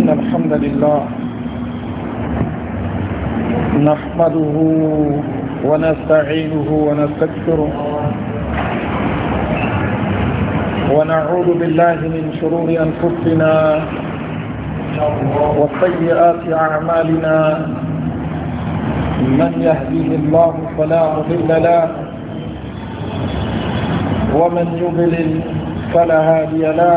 إن الحمد لله نحمده ونستعينه ونستكثره ونعوذ بالله من شرور أنفسنا وسيئات أعمالنا من يهديه الله فلا مضل له ومن يضلل فلا هادي له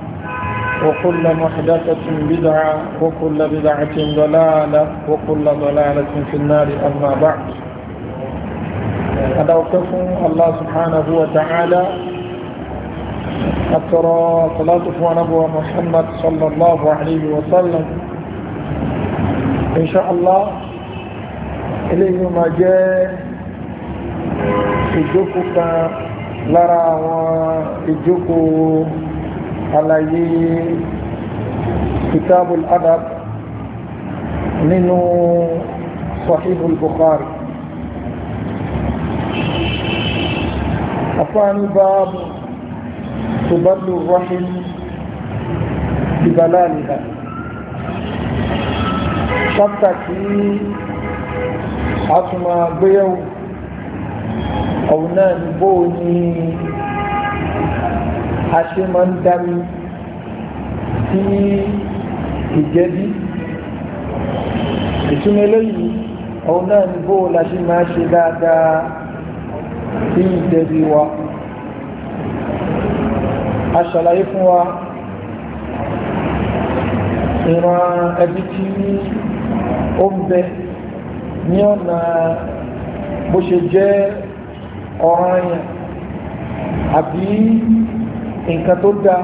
وكل محدثة بدعة وكل بدعة ضلالة وكل ضلالة في النار أما بعد أدعوكم الله سبحانه وتعالى أترى صلاة ونبوة محمد صلى الله عليه وسلم إن شاء الله إليه ما جاء في جوكك لرى وفي جوكك علي كتاب الأدب من صحيح البخاري أفان باب تبل الرحم ببلالها تبتكي أطمى بيو أو نان بوني a ṣe ń dárí sí ìjẹ́bí ìtumọ̀ eléyìí òun náà ni bó la ṣe máa ṣe dáadáa sí ìjẹ́bí wa a ṣàlàyé fún wa ìran ẹbí tí ó ń bẹ ní ọ̀nà bó ṣe jẹ́ ọ̀ranyàn àbí nǹkan tó dá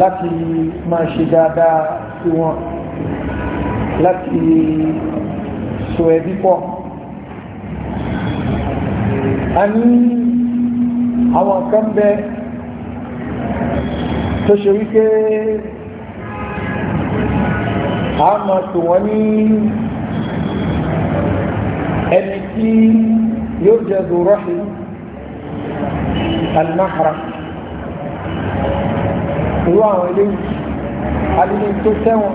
láti máa ṣe dáadáa sí wọn láti so ẹbí pọ̀ a ní àwọn kan bẹ tó ṣe wípé a máa tò wọ́n ní ẹni tí yóò jẹ́ zòrọ́ṣìí alimahara irú àwọn eléyìí adínú tó tẹ́wọ̀n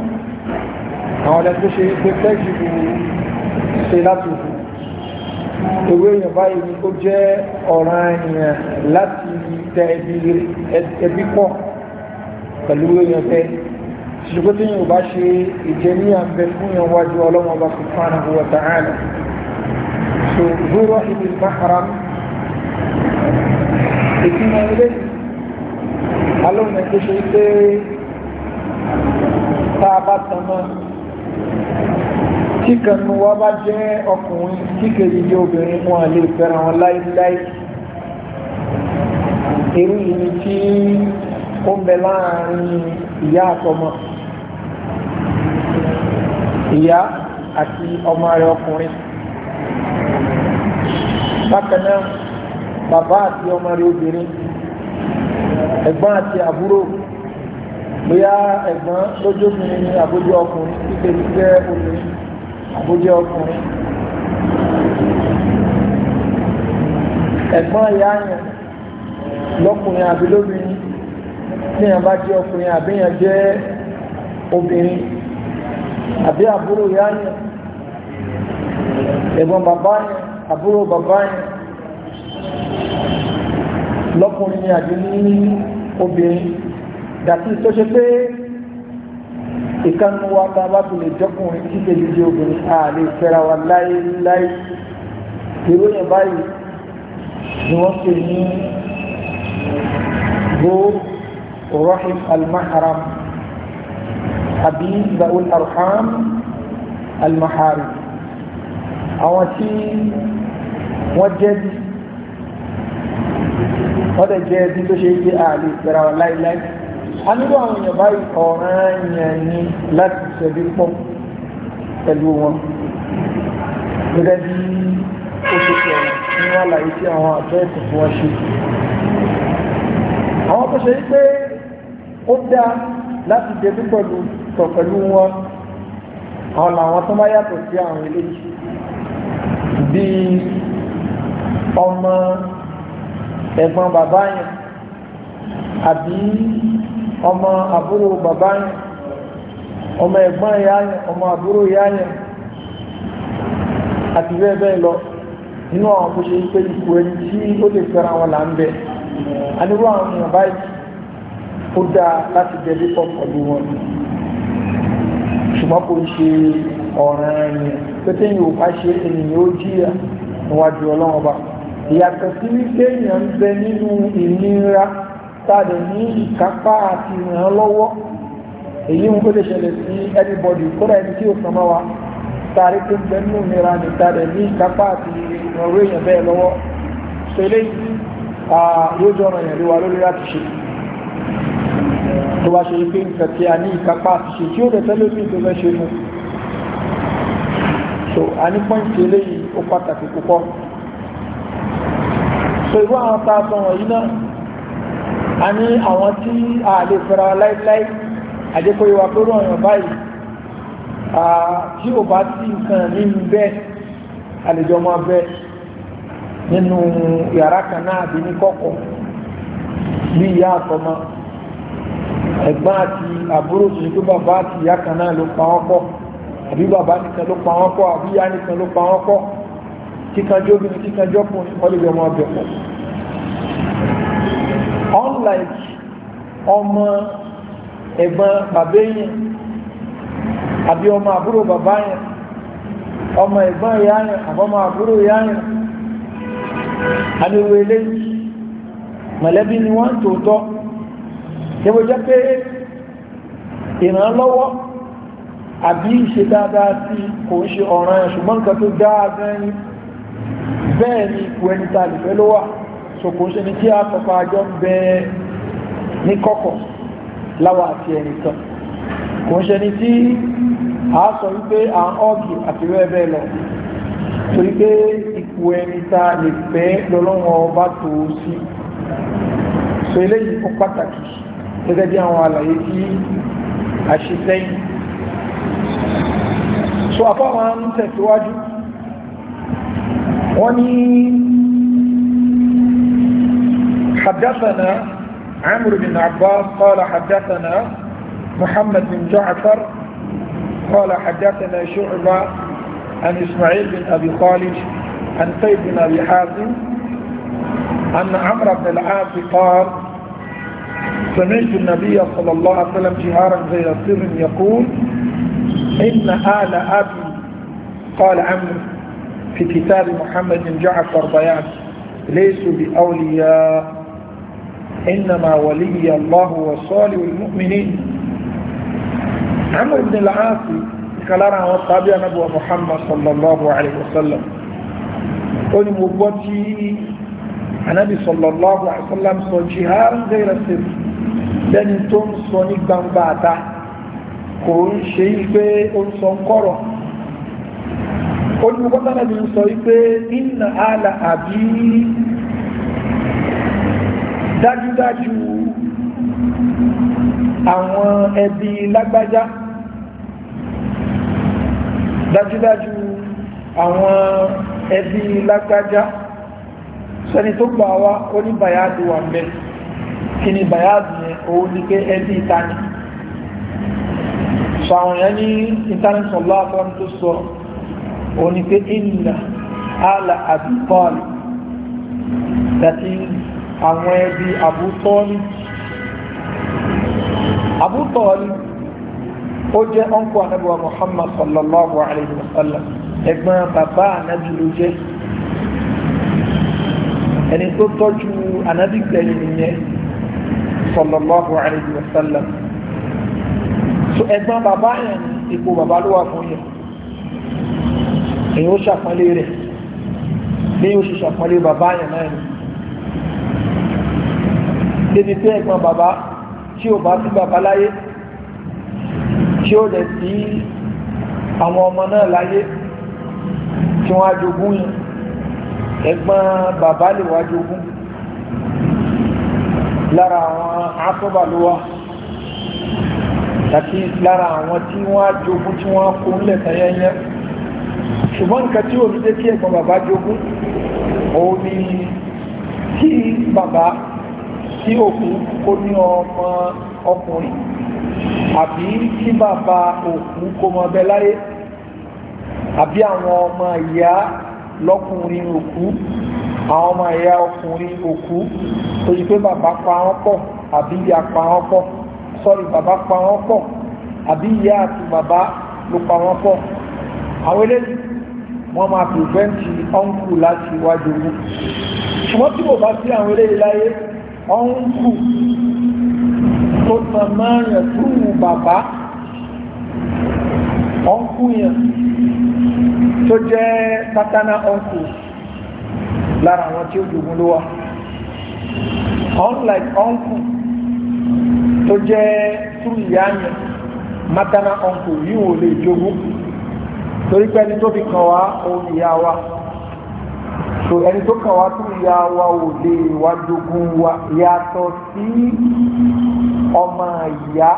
àwọn ọ̀dẹ tó ṣe pé tẹ́jì bù ṣe láti bù ewé èèyàn báyìí ni ó jẹ́ ọ̀ràn èèyàn láti tẹ ẹbí pọ̀ pẹ̀lú èèyàn bẹ́ẹ̀ ṣùgbọ́n tí yóò bá ṣe ìjẹníyà bẹ fún yàn wájú ọlọ́mọba subhanahu wa ta'ala so zúrọ̀ ibi mahram ìpínlẹ̀ ilé alóhùn ẹ̀kọ́ ṣe pé tá a bá tan náà tí kanu wa bá jẹ́ ọkùnrin tí kejì jẹ́ obìnrin wọn àlè fẹ́ràn wọn láíláí irú yìí tí ó ń bẹ láàrin ìyá àtọmọ ìyá àti ọmọ rẹ̀ ọkùnrin bákan náà bàbá àti ọmọ rẹ̀ obìnrin ẹ̀gbọ́n àti àbúrò bóyá ẹ̀gbọ́n lójú obìnrin ni àbójú ọkùnrin títẹ̀ títẹ̀ obìnrin àbójú ọkùnrin ẹ̀gbọ́n ìyá yẹn lọ́kùnrin àbí lóbìnrin ní ẹ̀ bá jẹ́ ọkùnrin àbí yẹn jẹ́ obìnrin àbí àbúrò ìyá yẹn ẹ̀gbọ́n bàbá yẹn àbúrò bàbá yẹn lọ́kùnrin ni àbí ní obìnrin dàtí tó ṣe pé ìkanu wa ta bá fi lè jọkùnrin kí kejì di obìnrin a lè fẹ́ra wa láéláé ìró yẹn báyìí ni wọ́n pè ní bó rahim almaharam àbí zaul arham almaharam àwọn tí wọ́n jẹ́ bíi wọ́n tẹ̀ jẹ́ ẹbí tó ṣe é pé àlè ìpẹ̀rẹ̀ àwọn láíláí a nílò àwọn èèyàn báyìí ọ̀ràn yẹn ni láti ṣẹ̀bí pọ̀ pẹ̀lú wọn gẹ́gẹ́ bí ó ṣe sọ̀rọ̀ ní àlàyé tí àwọn àjọ ẹ̀sìn fún wọn ṣe àwọn tó ṣe é pé ó dáa láti ṣẹ̀bí pẹ̀lú tọ̀ pẹ̀lú wọn àwọn làwọn tó bá yàtọ̀ sí àwọn eléyìí bíi ọmọ ẹ̀gbọ́n bàbá yẹn àbí ọmọ àbúrò bàbá yẹn ọmọ ẹ̀gbọ́n ìyá yẹn ọmọ àbúrò ìyá yẹn àti bẹ́ẹ̀ bẹ́ẹ̀ lọ nínú àwọn tó ṣe pé ikú ẹni tí ó lè fẹ́ra wọn là ń bẹ àwọn èèyàn báyìí ó dáa láti pọ̀ pẹ̀lú wọn ṣùgbọ́n kò ṣe ọ̀ràn ẹ̀yìn pété yìí ò bá ṣe ènìyàn ó ìyàtọ̀ sí wípé èèyàn ń bẹ nínú ìnira tàbí ní ìkápá àti ìràn lọ́wọ́ èyí ń gbọ́dọ̀ ṣẹlẹ̀ sí anybody kódà ẹni tí ó sàn máa wa tàbí tó ń bẹ nínú ìnira ní tàbí ní ìkápá àti ìràn orí èèyàn bẹ́ẹ̀ lọ́wọ́ so eléyìí yóò ọ̀nà ìrìn wa lórí láti ṣe tó bá ṣe pé nǹkan tí a ní ìkápá àti ṣe tí ó rẹ̀ tẹ́lẹ̀ ní ìtọ́jú ṣe fún so a ní pọ́ǹtì eléyìí ó pàtàkì púpọ̀ pẹ̀lú àwọn tá a sọ wọ̀nyí náà a ní àwọn tí a lè fẹ́ra láíláí àjẹkọ̀ ìwà pẹ̀lú ọ̀yàn báyìí tí ò bá sí nǹkan nínú bẹ́ẹ̀ àlejò ọmọ bẹ́ẹ̀ nínú yàrá kan náà àbí ní kọ́kọ́ bí ìyá àtọmọ ẹ̀gbọ́n àti àbúrò tó tó bàbá àti ìyá kan náà ló pa wọ́n pọ̀ àbí bàbá nìkan ló pa wọ́n pọ̀ àbí ìyá nìkan ló pa wọ́n pọ̀ kíkanjọ́ bí kíkanjọ́ fún ọlẹ́gbẹ̀ ọmọ ọbẹ̀ fún unlike ọmọ ẹ̀gbọ́n bàbá yẹn àbí ọmọ àbúrò bàbá yẹn ọmọ ẹ̀gbọ́n ìyá yẹn àbọ́mọ àbúrò ìyá yẹn àdéhùn eléyìí mọ̀lẹ́bí ni wọ́n tòótọ́ yẹ́wò jẹ́ pé ìrànlọ́wọ́ àbí ìṣe dáadáa sí kò ń ṣe ọ̀ràn ṣùgbọ́n nǹkan tó dáa gan bẹ́ẹ̀ ni ipò ẹni ta lè fẹ́ ló wà sòkò ṣe ni tí a tọpa àjọ ń bẹ ní kọ́kọ̀ láwa àti ẹnìkan kò ṣe ni tí a sọ wípé à ń ọ́ọ̀gì àti rẹ́ bẹ́ẹ̀ lọ torí pé ipò ẹni ta lè fẹ́ lọ́lọ́wọ́ bá tó o sí so eléyìí kó pàtàkì gẹ́gẹ́ bí àwọn àlàyé tí a ṣe sẹ́yìn so àbáwọn ń tẹ̀síwájú وني حدثنا عمرو بن عباس قال حدثنا محمد بن جعفر قال حدثنا شعبة عن إسماعيل بن أبي خالد عن سيد بن أبي حازم أن عمرو بن العاص قال سمعت النبي صلى الله عليه وسلم جهارا غير سر يقول إن آل أبي قال عمرو في كتاب محمد بن جعفر بيان ليسوا بأولياء إنما ولي الله وصالح المؤمنين عمرو بن العاص كلام عن الصحابي نبوة محمد صلى الله عليه وسلم قل مبوتي النبي صلى الله عليه وسلم صلى جهارا غير سر لأن توم صوني بامباتا كون شيء بي أنصن قرن olùgbọ́tọ́lẹ̀ mi sọ wípé nínà àlà àbí dájúdájú àwọn ẹbí lágbájá dájúdájú àwọn ẹbí lágbájá sẹni tó gbà wá ó ní bayáàdù wà mẹ́ kí ni bayáàdù yẹn òun ní pé ẹbí ìtani sọ àwọn yẹn ní ìtani sọ̀lá àtọ́n tó sọ òní pé ìlà àlà àbútọ́ọ̀lì tàbí àwọn ẹbí àbútọ́ọ̀lì àbútọ́ọ̀lì ó jẹ́ ọ̀nkọ́ anábíwá muhammad sallallahu alayhi wa sallam ẹ̀gbọ́n bàbá anábí ló jẹ́ ẹni tó tọ́jú anábí gbẹ̀yìn nìyẹn sallallahu alayhi wa sallam so ẹ̀gbọ́n bàbá yẹn ipò bàbá ló wà fún yẹn èyí ó ṣàpọ́nlé rẹ̀ bí ó ṣe ṣàpọ́nlé bàbá yẹn náà ni débi pé ẹ̀gbọ́n bàbá tí ò bá sí bàbá láyé tí ó lẹ̀ sí àwọn ọmọ náà láyé tí wọ́n á yìí ẹ̀gbọ́n bàbá lè wá jogún lára àwọn asọ́bàlúwà àti lára àwọn tí wọ́n á tí wọ́n kó lẹ̀ tẹ́yẹ́yẹ́ ṣùgbọ́n nǹkan tí omi jẹ́ kí ẹ̀gbọ́n bàbá jogún òun ni kí bàbá tí òkú kó ní ọmọ ọkùnrin àbí kí bàbá òkú kó mọ ọbẹ̀ láyé àbí àwọn ọmọ ìyá lọ́kùnrin òkú àwọn ọmọ ìyá ọkùnrin òkú tó yí pé bàbá pa wọ́n pọ̀ àbí ìyá pa wọ́n pọ̀ sọ́rí bàbá pa wọ́n pọ̀ àbí ìyá àti bàbá ló pa wọ́n pọ̀ àwọn eléyìí wọ́n máa pìrìvẹ́ǹtì ọ́nkù láti wájú owó ṣùgbọ́n tí kò bá sí àwọn eré iláyé ọ́nkù tó tàn máa yàn túwù bàbá ọ́nkù yàn tó jẹ́ tátánà ọ́nkù lára àwọn tí ó jùgbọ́n ló wà unlike ọ́nkù tó jẹ́ túwù yàn matana ọ́nkù yìí lè jogún torí pé ẹni tó fi kàn wá òun ìyá wa so ẹni tó kàn wá tún ìyá wa ò lè wá jogún wa yàtọ̀ sí ọmọ ìyá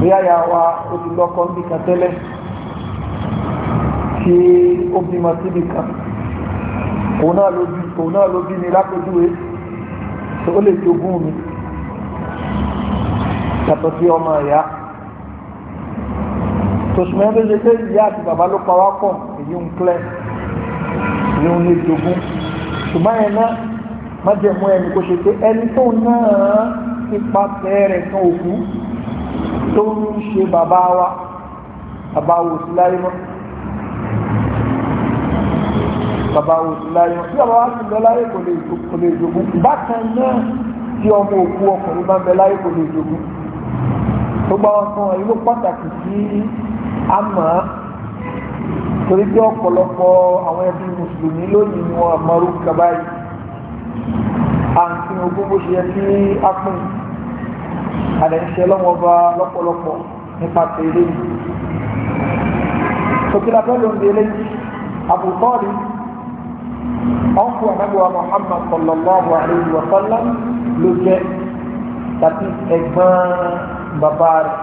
bí àyà wa ó ti lọ́kọ ń bì kan tẹ́lẹ̀ tí ó bímọ síbì kan òun náà ló bí mi lápẹjúwe tó lè jogún mi yàtọ̀ sí ọmọ ìyá tòṣùmọ́ tó ṣe pé ìyá àti bàbá ló pa wá pọ̀ èyí ń pẹ́ èyí ń lè jogún ṣùgbọ́n ẹ̀ náà májẹ̀mú ẹni kò ṣe pé ẹni tó náà ipa tẹ́ẹ̀rẹ̀ kan òkú tó ń ṣe bàbá wa bàbá wò sí láyé mọ́ bàbá wò sí láyé mọ́ tí bàbá wa ti lọ láyé kò lè jogún bákan náà tí ọmọ òkú ọkùnrin bá ń bẹ láyé kò lè jogún gbogbo àwọn kan yìí pàtàkì sí àmọ́ torí pé ọ̀pọ̀lọpọ̀ àwọn ẹbí mùsùlùmí lónìí ni wọ́n mọ̀rú kaba yìí à ń pín ogún bó ṣe yẹ kí á pín àdẹ̀ṣẹ́ lọ́wọ́ bá lọ́pọ̀lọpọ̀ nípa tèlé yìí sókèlà fẹ́ ló ń délé Abu Talib ọ̀nkù ànágbà Muhammad sallallahu alayhi wa sallam ló jẹ́ tàbí ẹ̀gbọ́n bàbá rẹ̀.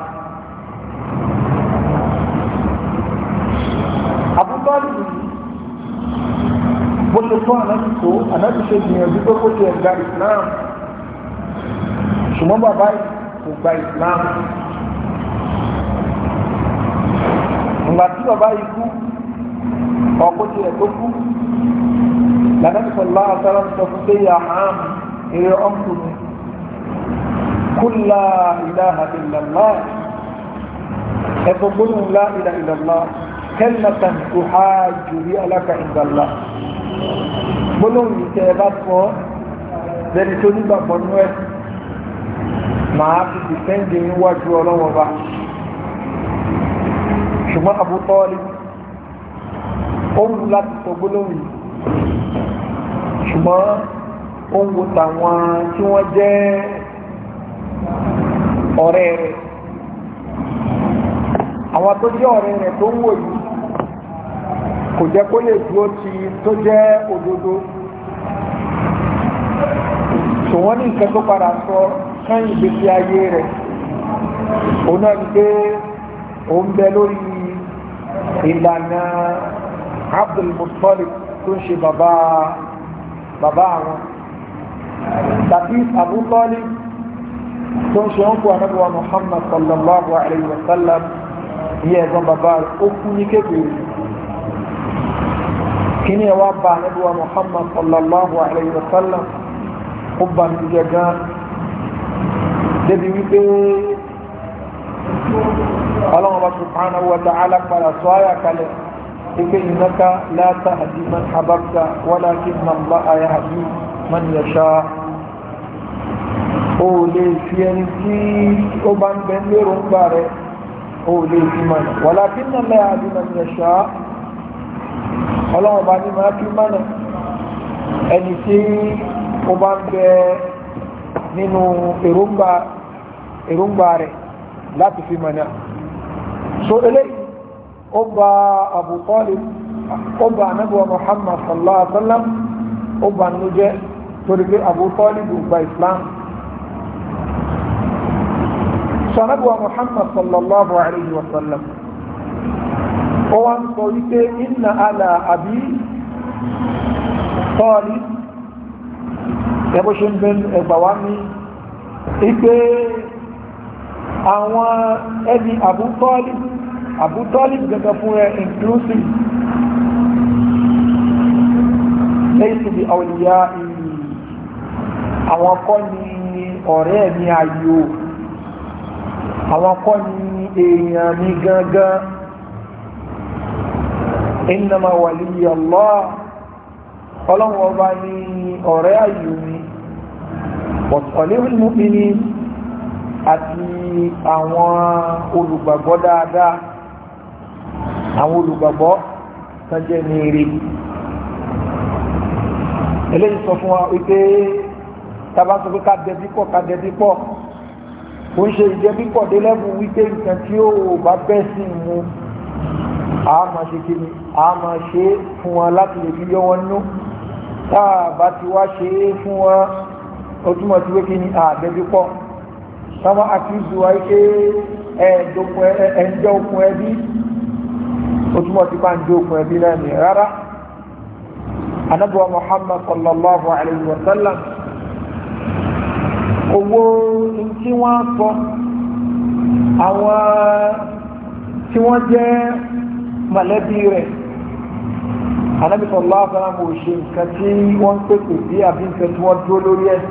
bọ́ọ̀lù yìí bó ṣe fún ànábì tó ànábì ṣe gbìyànjú pé kó tiẹ̀ gba islam ṣùgbọ́n bàbá yìí kò gba islam ìgbà tí bàbá yìí kú ọkọ̀ tiẹ̀ kalimatan tuhaju bi alaka inda Allah gbólóhùn yìí tẹ́ ẹ bá sọ ọ́ lẹ́ni tó nígbàgbọ́ nú ẹ̀ màá fi dìfẹ́ǹdì níwájú ọlọ́wọ́ bá ṣùgbọ́n Abu Talib ó ń lu láti sọ gbólóhùn yìí ṣùgbọ́n ó ń wo tàwọn tí wọ́n jẹ́ ọ̀rẹ́ rẹ̀ àwọn tó jẹ́ ọ̀rẹ́ rẹ̀ tó ń wò yìí kò jẹ́ kó lè dúró ti tó jẹ́ òdodo ṣùgbọ́n ní nǹkan tó padà sọ kán ìgbésí ayé rẹ̀ òun náà ni pé ó bẹ lórí ìlànà Abdul Muttalib tó ń ṣe bàbá bàbá àwọn tàbí Abu Talib tó ń ṣe ń kó Muhammad sallallahu alayhi wa sallam ní ẹ̀gbọ́n bàbá rẹ̀ ó kú ní kékeré kíni wa ba nabi wa muhammad sallallahu alayhi wa sallam ó ba mi jẹ gan débi wípé ọlọ́run bá subhanahu wa ta'ala padà sọ àyà kalẹ̀ wípé innaka la tahdi man hababta walakinna allaha yahdi man yasha o lè fi ẹni tí ó bá ń bẹ o lè fi mọ̀nà walakinna yahdi man yasha ọlọ́run bá ní máa fi mánà ẹni tí ó bá ń bẹ nínú èròǹgbà èròǹgbà rẹ̀ láti fi mánà so eléyìí ó ba Abu Talib ó ba anábọ̀ Muhammad sallallahu alaihi wa sallam ó ba nínú jẹ́ torí pé Abu Talib gba Islam sanabu wa Muhammad sallallahu alaihi wa sallam ó wá ń sọ wípé inna ala àbí tọ́ọ̀lì ẹbó ṣe ń bẹ ẹgbà wá ní ipé àwọn ẹni Abu Talib Abu Talib gẹ́gẹ́ fún ẹ inclusive lẹ́yìn bí àwòlìyá ìlú àwọn kọ́ ni ọ̀rẹ́ mi ayò àwọn kọ́ ni èèyàn mi gangan innama waliya Allah ọlọ́run ọba ní ọ̀rẹ́ ayò mi ọ̀tọ̀lẹ́wìn mọ́bìnì àti àwọn olùgbàgbọ́ dáadáa àwọn olùgbàgbọ́ tán jẹ́ ní eré eléyìí sọ fún wa wípé tábà sọ pé ká dẹbí ká dẹbí pọ̀ ń ṣe ìdẹbí délẹ́bù wípé nǹkan tí ó bá bẹ́ sí mu a máa ṣe kíni a máa ṣe é fún wọn láti lè fi yọ wọn nú a bá ti wá ṣe é fún wọn ó túmọ̀ sí pé kíni àbẹ̀bí pọ̀ sábà àkíyèsí wa pé ẹ̀ẹ́dọ́kun okun ẹbí ó túmọ̀ sí pé à ń dé okun ẹbí náà rárá anabuwa muhammad sallallahu alayhi wa sallam owó tí wọ́n sọ àwọn tí wọ́n jẹ́ mọ̀lẹ́bí rẹ̀ Ànábì sallallahu alaihi wasallam òṣè nǹkan tí wọ́n ń pèpè sí àbí nǹkan tí wọ́n dúró lórí ẹ̀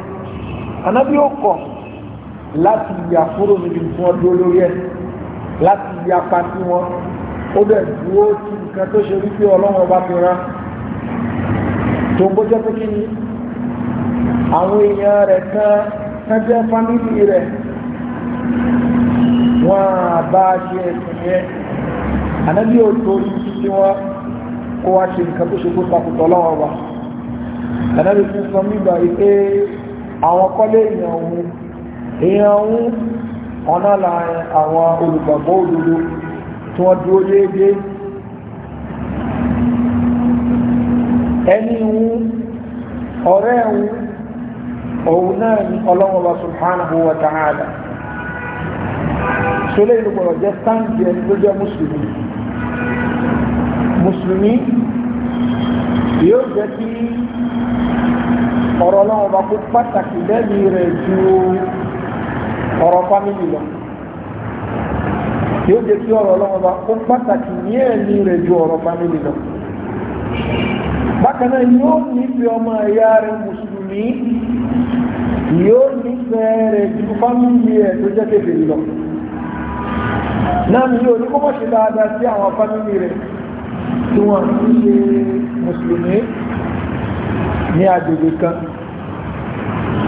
Ànábì ó kọ̀ láti yà kúrò níbi tí wọ́n dúró lórí ẹ̀ láti yà pa sí wọn ó bẹ̀ dúró sí nǹkan tó ṣe wípé Ọlọ́run ọba fi tó kí ni àwọn èèyàn rẹ̀ kan kan jẹ́ rẹ̀ wọ́n bá ṣe ẹ̀sìn yẹn ànábì ò torí títí wọn kó wá ṣe nǹkan tó ṣe kó takùtọ̀ lọ́wọ́ wa ànábì ti sọ nígbà wípé àwọn kọ́lé èèyàn òun èèyàn òun ọ̀nà ẹni òun náà ni ọlọ́wọ́ba subhanahu wa ta'ala sólè ìlú gbọ́dọ̀ jẹ́ sáǹtì ẹni tó jẹ́ mùsùlùmí mùsùlùmí yóò jẹ́ kí ọ̀rọ̀ náà bá kó pàtàkì lẹ́bi rẹ̀ ju ọ̀rọ̀ fámìlì lọ yóò jẹ́ kí ọ̀rọ̀ náà bá kó pàtàkì ní ẹ̀mí rẹ̀ ju ọ̀rọ̀ fámìlì lọ bákan náà yóò nífẹ̀ẹ́ ọmọ ẹ̀yà rẹ̀ mùsùlùmí yóò nífẹ̀ẹ́ rẹ̀ ju fámìlì ẹ̀ tó jẹ́ kékeré lọ náà ní yóò ní kó mọ́ ṣe dáadáa sí àwọn fámìlì rẹ̀ tí wọ́n ń ṣe mùsùlùmí ní agbègbè kan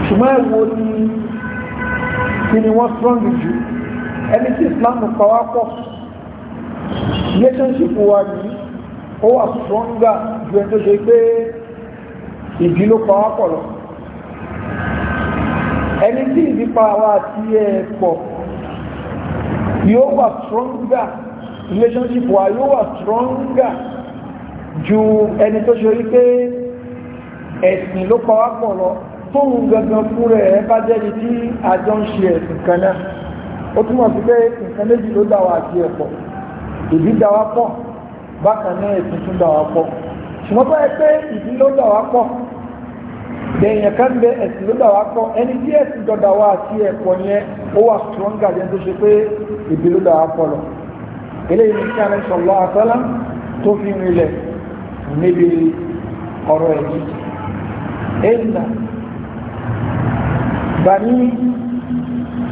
ṣùgbọ́n ẹ̀wọ̀ ni kí ni wọ́n strong jù ẹni tí Islam pàwọ́ pọ̀ relationship wa ní ó wà stronger ju ẹni tó ṣe pé ìdí ló pàwọ́ pọ̀ lọ ẹni tí ìdí pa àwa ẹ̀ pọ̀ yóò wà stronger relationship wa yóò wà stronger ju ẹni tó ṣe wípé ẹ̀sìn ló pa wá pọ̀ lọ tóun gangan fún rẹ̀ bá jẹ́ni tí àjọ ń ṣe ẹ̀sìn kan náà ó túmọ̀ sí pé nǹkan méjì ló dá wa àti ẹ̀pọ̀ ìbí dá wa pọ̀ bákan náà ẹ̀sìn tún dá pọ̀ ṣùgbọ́n báyìí pé ìbí ló dá pọ̀ èèyàn kan bẹ ẹ̀sìn ló dà wá pọ̀ ẹni tí ẹ̀sìn dọ̀dà wá àti ẹ̀kọ́ yẹn ó wà stronger yẹn tó ṣe pé ìbí ló dà wá pọ̀ Allah eléyìí ní kí àrẹ sọ̀lọ́ àtọ́lá tó fi rinlẹ̀ bani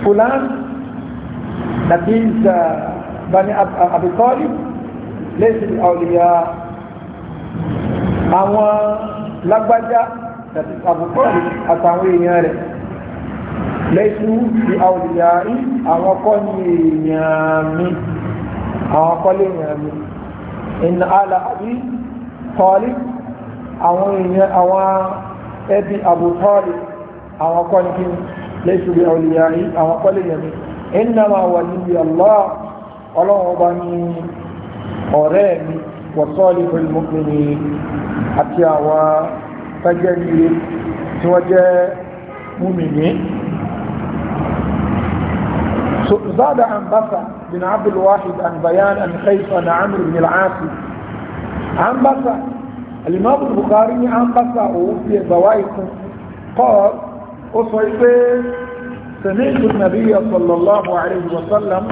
fulan nàbí bani abitọ́lì lẹ́sìn àwòlíyà àwọn lágbájá àbùkọ́lì àtàwọn èèyàn rẹ̀ lẹ́sù ti àwòlìyà yìí àwọn kọ́ ní èèyàn mi àwọn kọ́ lè èèyàn mi ìnà àlà àbí tọ́lì àwọn èèyàn àwọn ẹbí àbùtọ́lì àwọn kọ́ ní kíni lẹ́sù ti àwòlìyà yìí àwọn kọ́ èèyàn mi ìnà máa wà níbi Allah ọlọ́run ọba ní ọ̀rẹ́ mi wọ́sọ́ọ̀lì pẹ̀lú mọ́kùnrin àti àwọn tọ́jẹ́ níye tí wọ́n زاد عن بصع بن عبد الواحد عن بيان عن خيف عن عمرو بن العاص عن بصع الإمام البخاري عن بصع وفي زوائد قال أصيب سمعت النبي صلى الله عليه وسلم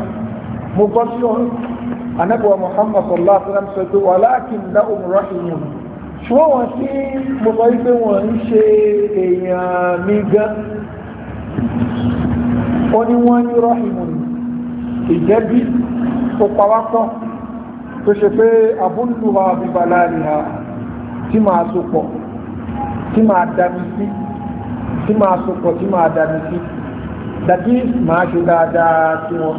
مبشر أنبوى محمد صلى الله عليه وسلم ولكن لهم رحم ṣùgbọ́n wọn tí mo sọ wípé wọn ń ṣe èèyàn mi gan ó ní wọ́n ní rọ́hìmù ìjẹ́bí tó pawápọ̀ tó ṣe pé abúlùwà bíbalá rí ha tí máa so pọ̀ tí máa dami sí tí máa so tí máa dami sí dàbí máa ṣe dáadáa tí wọn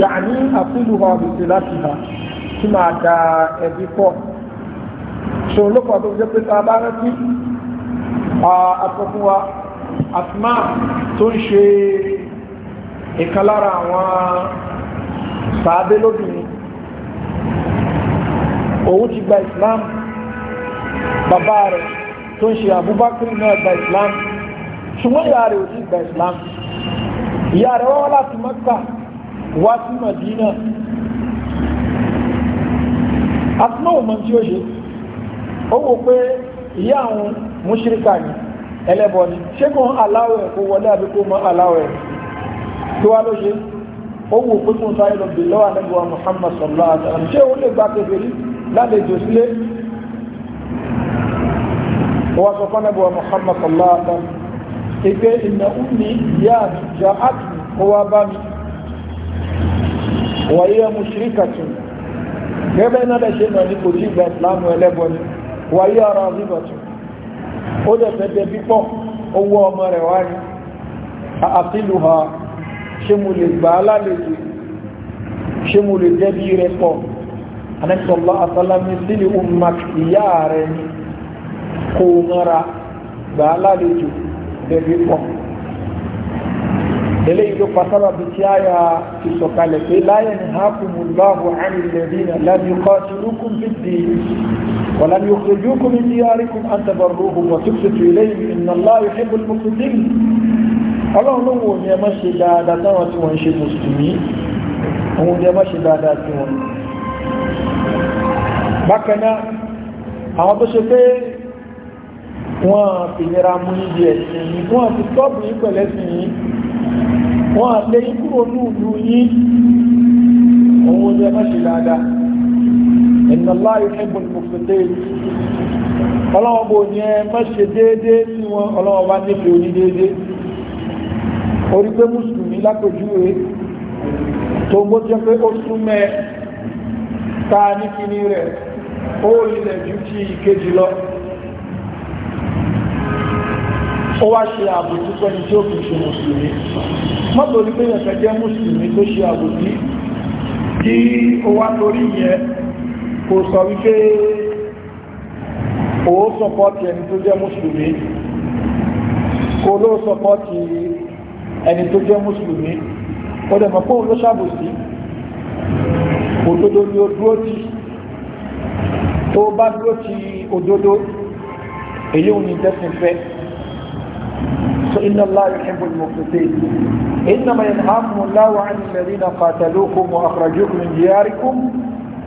yàní àfihàn bìtì láti ha tí máa da ẹbí pọ̀ so ló fà tó jẹ́ pé ta bá rántí àtọ́kùn wa asma tó ń ṣe ìkan lára àwọn sàábé lóbìnrin òun ti gba islam bàbá rẹ̀ tó ń ṣe abubakar náà gba islam ṣùgbọ́n ìyá rẹ̀ ò sí gba islam ìyá rẹ̀ wá láti mọ́kà wá sí madina asma ò mọ̀ tí ó ṣe ó wò pé ìyá àwọn mùṣírìkà ni ẹlẹ́bọ ni ṣé kò ń aláwẹ̀ kó wọlé àbí kó mọ aláwẹ̀ tó wá ló ṣe ó wò pé kó ń sáré lọ bí lọ́wọ́ àdẹ́gbọ́n Muhammad sallallahu alaihi wasallam ṣé ó lè gba kébèrè lálejò sílé wọ́n sọ fún ẹgbẹ̀rún Muhammad sallallahu alaihi wasallam ìnà òní ìyá àtijọ́ àti owó bá mi wọ̀nyí ẹmu ṣíríkà gẹ́gẹ́ náà lè ṣe náà ní kò tí ìgbà ìsìlámù ẹlẹ́bọ ni wàyí ara rìbọ̀tù ó dẹ̀ fẹ́ dẹ̀ pípọ̀ owó ọmọ rẹ̀ wá ní àfihàn ha ṣe mo lè gbà á lálejò ṣe mo lè dẹ́bi rẹ̀ pọ̀ anẹ́sọ̀lá àtàlámi sílẹ̀ umak ìyá rẹ̀ ni kò mara gbà á lálejò pọ̀ eléyìí ló pasára bí tí a yà ti sọ̀kalẹ̀ pé láyé ni hákùnmù lọ́wọ́ àrùn lẹ́bí náà lábí kọ́ ti rúkùn bíbí ولن يخرجوكم من دياركم أن تبروهم وتقسطوا إليهم إن الله يحب المقسطين ọlọ́run ló wò ní ẹ má ṣe dáadáa táwọn tí wọ́n ń ṣe mùsùlùmí òun ni ẹ má ṣe dáadáa tí wọ́n bákaná àwọn tó ṣe pé wọ́n fi nira mú níbi ẹ̀sìn yìí wọ́n fi tọ́bù yí pẹ̀lẹ́sìn yìí wọ́n lè kúrò ní ìlú yìí òun ni ẹ má ṣe dáadáa ìnàlá ìfẹ́bù ìmọ̀fẹ́dé ọlọ́wọ́ bò ní ẹ mọ́ṣe déédé tí wọ́n ọlọ́wọ́ bá nífẹ̀ẹ́ oní déédé orí pé mùsùlùmí lápèjúwe tó ń bó jẹ́ pé ó súnmẹ́ ta ní kíní rẹ̀ ó ilẹ̀ ju ti ìkejì lọ ó wá ṣe àbòtí pẹ́ni tí ó fi ṣe mùsùlùmí mọ́tò ní pé yẹ̀fẹ́ jẹ́ mùsùlùmí tó ṣe àbòtí tí ó wá torí yẹn kò sọ wípé ó sọpọ́tì ẹni tó jẹ́ mùsùlùmí kò ló sọpọ́tì ẹni tó jẹ́ mùsùlùmí ó dẹ̀ mọ̀ pé òun ló ṣàbòsí òdodo ni ó dúró tì tó bá dúró tì òdodo èyí ò ní dẹ́sìn fẹ́ إن الله يحب المقتدين إنما ينهاكم الله عن الذين قاتلوكم وأخرجوكم من دياركم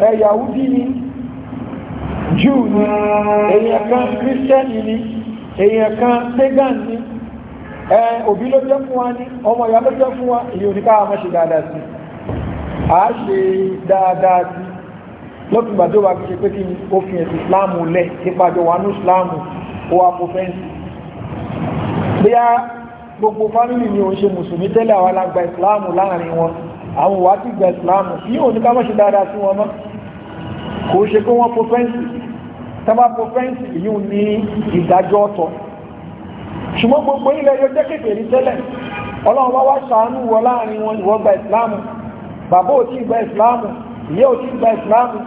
ẹ Yahudi ni Júù ni èyàn kan kírísítẹ́nì ni èyàn kan pagan ni ẹ òbí ló jẹ́ fún wa ni ọmọ ìyá ló jẹ́ fún wa èyí oníká àmọ́ ṣe dáadáa sí a ṣe dáadáa sí lọ́pìnbà tó bá ṣe pé kí ó fi ẹ̀sìn Islamu lẹ̀ nípajọ wa ní Islamu ó wá kó fẹ́ǹsì bí a gbogbo fámìlì ni òun ṣe mùsùlùmí tẹ́lẹ̀ àwọn alágbà Islamu láàrin wọn àwọn wà ti gba ìsìláàmù ní òní ká mọ́ṣe dáadáa sí wọn mọ́ kò ṣe kó wọ́n pọ́fẹ́ǹsì tọ́bá pọ́fẹ́ǹsì yíò ní ìdájọ́ ọ̀tọ̀ ṣùgbọ́n gbogbo ilẹ̀ yóò jẹ́ kékeré tẹ́lẹ̀ ọlọ́run wá wá ṣàánú wọ láàrin wọn ìwọ gba ìsìláàmù bàbá ò tí gba ìsìláàmù ìyá ò tí gba ìsìláàmù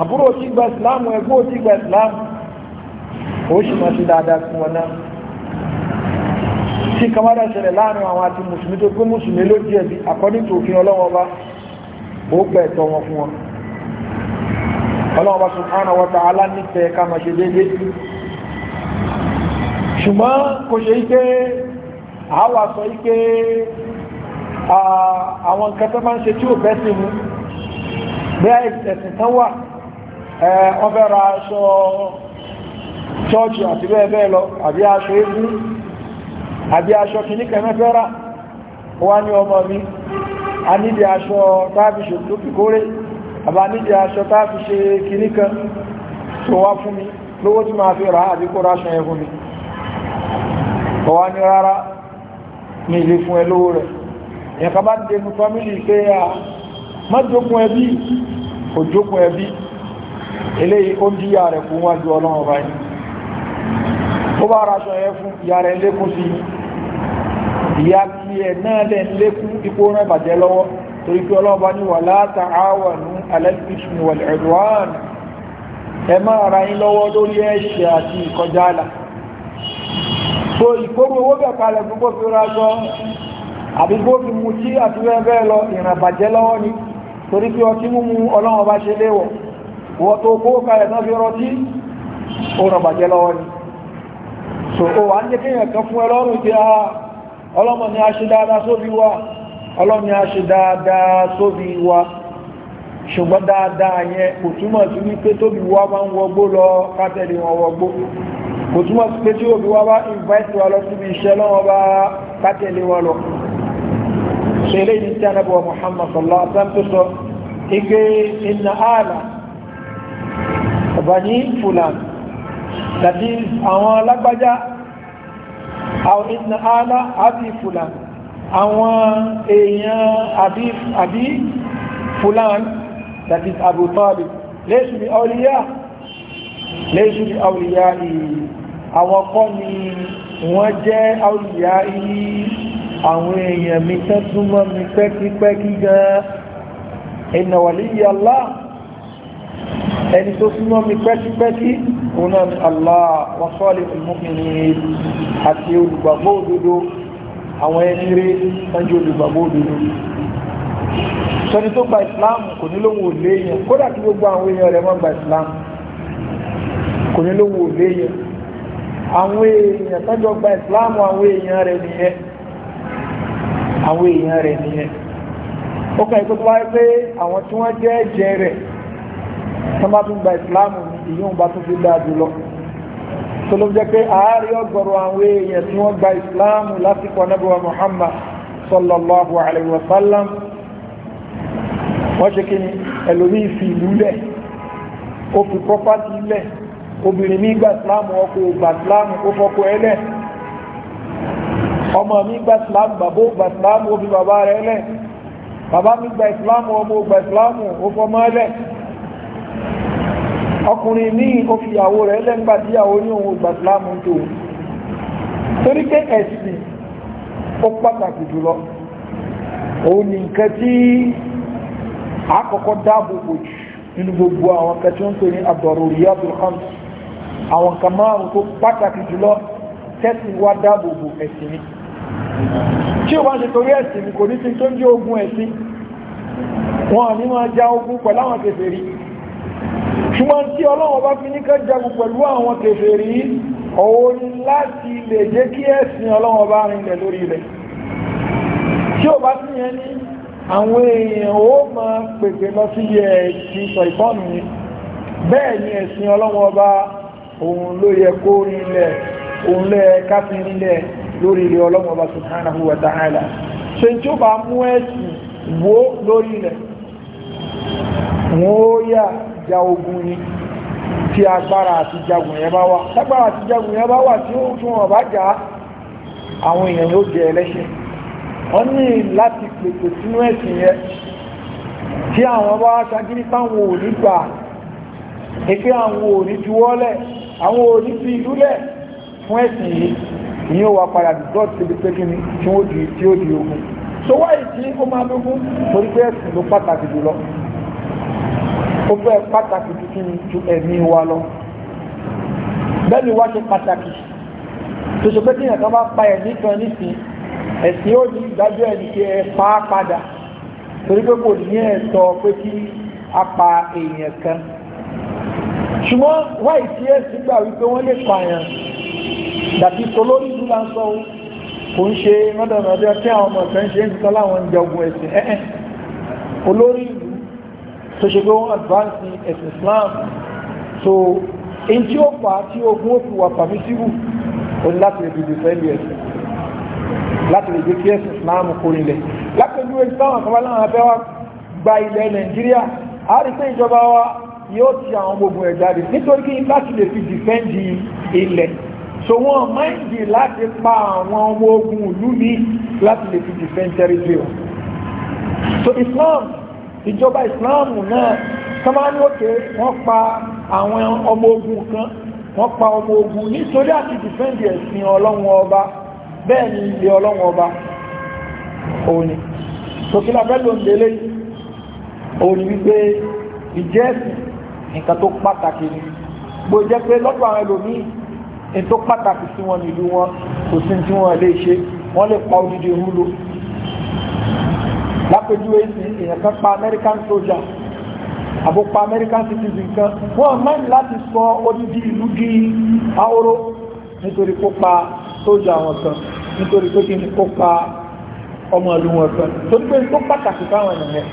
àbúrò ò tí gba ìsìláàmù ẹgbẹ́ ò tí gba ìsìláàmù ó sì mọ̀ sí dáadáa sí wọn náà tí kamada ṣẹlẹ̀ láàrin àwọn àti mùsùlùmí tó pé mùsùlùmí ló jẹ́ bí according to òfin ọlọ́wọ́ bá ó gbẹ̀ ẹ̀tọ́ wọn fún wọn ọlọ́wọ́ bá subhanahu wa ta'ala nífẹ̀ẹ́ ká máa ṣe déédé ṣùgbọ́n kò ṣe ike àwa sọ ike àwọn nǹkan tó máa ń ṣe tí ò bẹ́ sí mu bí ẹ̀sìn tán wà wọ́n fẹ́ ra aṣọ ṣọ́ọ̀ṣì àti bẹ́ẹ̀ bẹ́ẹ̀ lọ àbí aṣọ eégún àbí aṣọ kìíní kẹ́mẹ́ fẹ́ rà wá ní ọmọ mi a nídìí aṣọ táàfi ṣe tó fi kórè àbá nídìí aṣọ táàfi ṣe kìíní kan tó wá fún mi lówó tí máa fi rà àbí kó ráṣọ yẹn fún mi ọwá ní rárá ní ilé fún ẹ lówó rẹ̀ yẹn ká bá dé nu fámílì pé a má jókun ẹbí kò jókun ẹbí eléyìí ó ń ìyá rẹ̀ fún wájú ọlọ́run báyìí ó bá ráṣọ yẹn fún ìyá rẹ̀ lékún sí i ìyá tí ẹ̀ náà lẹ́ ń lékún ipò rẹ̀ bàjẹ́ lọ́wọ́ torí pé ọlọ́ọ̀bá ní wà láta àwọn alẹ́sìkìsìn wà lẹ́dùn ẹ máa ra yín lọ́wọ́ lórí ẹ̀ṣẹ̀ àti ìkọjá àlà so ìkóró owó bẹ̀ kalẹ̀ gbogbo fi ra gbọ́ àbí gbóòfin mu tí àti bẹ́ẹ̀ bẹ́ẹ̀ lọ ìrànbàjẹ́ lọ́wọ́ ni torí pé ọtí mímu ọlọ́wọ́ ṣe léwọ̀ wọ́n tó kó kalẹ̀ náà fi rọtí ó rànbàjẹ́ lọ́wọ́ ni so ó wà ń jẹ́ kéèyàn kan fún ẹ lọ́rùn tí a ah, ọlọ́mọ ni a ṣe dáadáa sóbi wa ọlọ́mọ ni a ṣe dáadáa sóbi wa ṣùgbọ́n dáadáa yẹn kò túmọ̀ sí wípé tóbi wa máa ń wọgbó lọ kátẹ́lì wọn wọgbó kò túmọ̀ sí pé tí òbí wa bá invite wa lọ síbi iṣẹ́ lọ́wọ́ bá kátẹ́lì wọn lọ ṣe eléyìí tí anábọ̀ Muhammad sallallahu alaihi sọ ike inna ala bani fulan tàbí àwọn alágbájá àwọn ìdìnà ààlá àbí fùlà àwọn èèyàn àbí fùlà that is Abu Talib lẹ́ṣù bí ọlíyà lẹ́ṣù bí ọlíyà ìyí àwọn kọ́ ni wọ́n jẹ́ ọlíyà ìyí àwọn èèyàn mi tẹ́ súnmọ́ mi pẹ́kípẹ́kí gan-an ìnà ẹni tó súnmọ́ mi pẹ́kípẹ́kí òun náà ni Allah wa salihul mu'minin àti olùgbàgbọ́ òdodo àwọn ẹni rí sanjú olùgbàgbọ́ òdodo sọni tó gba Islam kò ní lóhùn òlé yẹn kódà kí gbogbo àwọn èèyàn rẹ̀ mọ́ gba Islam kò ní lóhùn òlé yẹn àwọn èèyàn tọ́jọ́ gba Islam àwọn èèyàn rẹ̀ nìyẹn àwọn èèyàn rẹ̀ nìyẹn ó kàn yí pé tó wáyé àwọn tí wọ́n jẹ́ ẹ̀jẹ̀ rẹ̀ sọ́mà tún gba ìsìláàmù ní ìyóhùn bá tún fi dáa jùlọ tó ló jẹ́ pé ààrẹ ọgọ̀rọ̀ àwọn èèyàn tí wọ́n gba ìsìláàmù lásìkò anábíwá Muhammad sallallahu alayhi wa sallam wọ́n ṣe kí ni ẹlòmíì fi ìlú lẹ̀ ó fi pọ́pátì lẹ̀ obìnrin mi gba ìsìláàmù ọkọ ògbà ìsìláàmù ó fọ́kọ ẹ lẹ̀ ọmọ mi gba ìsìláàmù bàbá ògbà ìsìláàmù ó fi bàbá rẹ lẹ̀ bàbá mi gba ìsìláàmù ọmọ ògbà ìsìláàmù ó fọmọ ẹ lẹ̀ ọkùnrin ní òfìyàwó rẹ̀ lẹ́gbà díyàwó ní òun ìgbà ìsìlámù tó torí pé ẹ̀sìn ó pàtàkì jùlọ òun ní nǹkan tí àkọ́kọ́ dáàbò bò jù nínú gbogbo àwọn nǹkan tí ó ń pè ní ad-daruriyatul khams àwọn nǹkan márùn tó pàtàkì jùlọ tẹ́sí wá dáàbò bò ẹ̀sìn ni tí ó bá ṣe torí ẹ̀sìn kò ní sí tó ń jẹ́ ogun ẹ̀sìn wọn ní máa já ogun pẹ̀láwọn kèfèrí ṣùgbọ́n tí ọlọ́wọ́n bá fi ní ká jagun pẹ̀lú àwọn kèfèrí òun láti lè jẹ́ kí ẹ̀sìn ọlọ́wọ́n bá rinlẹ̀ lórí rẹ̀ tí ó bá sí yẹn ní àwọn èèyàn ó máa pèpè lọ sí yẹ ti sọ ìtọ́nù ni bẹ́ẹ̀ ni ẹ̀sìn ọlọ́wọ́n bá òun ló yẹ kó rinlẹ̀ òun lẹ́ káfí rinlẹ̀ lórí ilẹ̀ ọlọ́wọ́n bá subhanahu wa ṣe tí ó bá mú ẹ̀sìn wó lórí rẹ̀ wọ́n ó yà ja ogun ni tí agbára àti jagun yẹn bá wà lágbára àti jagun yẹn bá wà tí ó tún ọ̀bá jà àwọn èèyàn yóò jẹ ẹlẹ́ṣẹ̀ wọ́n ní láti pètè sínú ẹ̀sìn yẹn tí àwọn bá ṣagírí táwọn ò ní gbà ẹgbẹ́ àwọn ò ní juwọ́lẹ̀ àwọn ò ní fi ìlúlẹ̀ fún ẹ̀sìn yìí ìyẹn ò wà padà dùdọ́ ti di pé kíni tí ó di ogun so wáyé tí ó máa lógún torí pé ẹ̀sìn ló pàtàkì jùlọ ó fẹ́ pàtàkì tuntun ju ẹ̀mí wa lọ bẹ́ẹ̀ ni wá ṣe pàtàkì tó ṣe pé tí nǹkan bá pa ẹ̀mí kan nísìn ẹ̀sìn ó ní ìdájọ́ ẹni pé ẹ pa á padà torí pé kò ní ẹ̀tọ́ pé kí a pa èèyàn kan ṣùgbọ́n wáyé tí ẹ̀sìn gbà wípé wọ́n lè pààyàn dàbí tolórí ìlú là ń sọ ohun kò ń ṣe mọ́dọ̀mọ́dọ́ tí àwọn ọmọ kan ṣe ń sọ láwọn ìjọgùn ẹ̀sìn ẹ̀ẹ́ olórí ìlú tó ṣe pé wọ́n advance ní ẹ̀sìn Islam so in tí ó fà á tí ogun òkú wà pàmísìwù ó ní láti lè dìbò fẹ́ lu ẹ̀sìn láti lè gbé kí ẹ̀sìn Islam kó nílẹ̀ lápẹ̀lú ẹ̀sìn táwọn àkọ́bá láwọn abẹ́ wa gba ilẹ̀ Nàìjíríà a rí pé ìjọba wa yóò ti àwọn gbogbo ẹ̀ jáde nítorí kí láti lè fi dìfẹ́ǹdì ilẹ̀ so wọ́n máìndì láti pa àwọn ọmọ ogun ìlú ní láti lè fi dìfẹ́ǹdì tẹ́rìtì so Islam ìjọba ìsìláàmù náà sọmánú òkè wọ́n pa àwọn ọmọ ogun kan wọ́n pa ọmọ ogun nítorí àti dìfẹ́ǹdì ẹ̀sìn ọlọ́run ọba bẹ́ẹ̀ ni ilé ọlọ́run ọba òun ni tòkílà bẹ́lò ń délé òun ni wípé ìjẹ́ ẹ̀sìn nǹkan tó pàtàkì ni bó jẹ́ pé lọ́dọ̀ àwọn ẹlòmíì ní tó pàtàkì sí wọn nílùú wọn kò sí tí wọ́n lè ṣe wọ́n lè pa odidi rúlo lápẹjú èsì èèyàn kan pa American soldier àbò pa American citizen kan wọ́n mẹ́rin láti sọ odidi ìlú di ahoro nítorí kó pa soldier wọn kan nítorí tó kí ni kó pa ọmọ ìlú wọn kan tó ń gbé tó pàtàkì fáwọn ènìyàn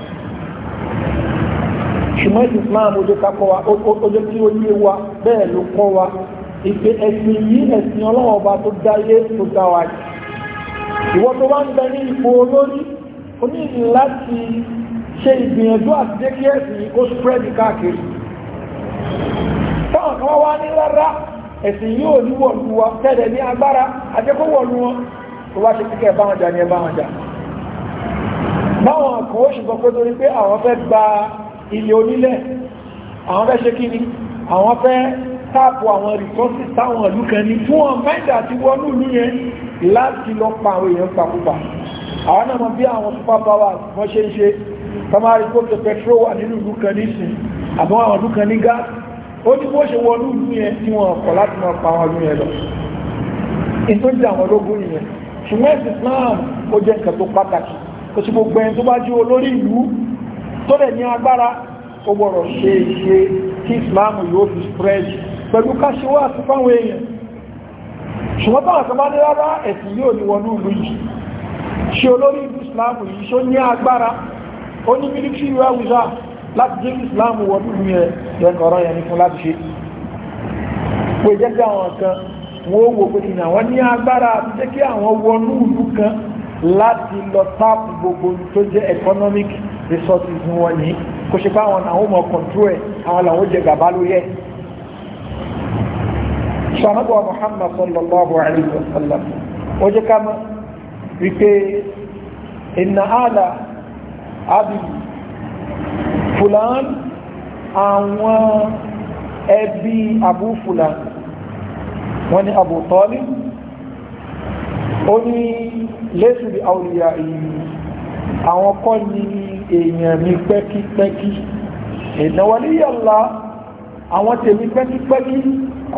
ṣùgbọ́n ìsìn Islam ojú kakọ wa ojú tí ó yé wa bẹ́ẹ̀ ló kọ́ wa ìpè ẹ̀sìn yìí ẹ̀sìn ọlọ́wọ́ ọba tó dáyé tó dá wa ìwọ́n tó wá ń bẹ ní ipò olórí ó ní láti ṣe ìgbìyànjú àti jẹ́ kí ẹ̀sìn ó spreadi káàkiri táwọn kan wá ní rárá ẹ̀sìn yóò ní wọ̀lú wa tẹ́lẹ̀ ní agbára àjẹ́kọ́ wọ̀lú wọn tó bá ṣe kíkẹ́ báwọn jà ní ẹbáwọn jà báwọn kan ó ṣùgbọ́n pé torí pé àwọn fẹ́ gba ilé onílẹ̀ àwọn fẹ́ ṣe kíni àwọn fẹ́ táàpù àwọn rìsọ́sì táwọn ìlú kan ní fún ọmọ ẹ̀dà àti wọnú ìlú yẹn láti lọ pa àwọn náà bí àwọn super powers wọ́n ṣe ń ṣe tamari kókè petrol wà nínú ìlú kan nísìn àbọ̀ àwọn ìlú kan ní gas ó ní bó ṣe wọnú ìlú yẹn tí wọ́n kọ̀ láti máa pa àwọn ìlú yẹn lọ ìtòjì àwọn ológun yẹn ṣùgbọ́n ẹ̀sìn Islam ó jẹ́ nǹkan tó pàtàkì tó spread pẹ̀lú káṣíwá àti fáwọn èèyàn ṣùgbọ́n táwọn kan bá ní rárá ẹ̀sìn yóò ní wọnú ìlú yìí ṣe olórí ìlú islam yìí ṣó ní agbára ó ní military wáwùzá láti jẹ́ islam wọ́dún ní ẹ̀ lẹ́kọ̀ọ́rọ́ yẹn ní fún láti ṣe pé jẹ́jẹ́ àwọn kan wọ́n wo pé ní àwọn ní agbára àti jẹ́ kí àwọn wọnú ìlú kan láti lọ táàpù gbogbo tó jẹ́ economic resources wọn yìí kò ṣe pé àwọn ọmọ control ẹ̀ àwọn làwọn jẹ gàba ló yẹ sọ̀rọ̀ Muhammad sallallahu alayhi wa sallam ó wípé ìnà àlà àbí fulan àwọn ẹbí àbú fulan wọ́n ni Abu Talib ó ní lẹ́sù bí àwòrìyà èyí àwọn kọ́ ní èèyàn mi pẹ́kípẹ́kí ìnáwọlé yàlla àwọn tèmi pẹ́kípẹ́kí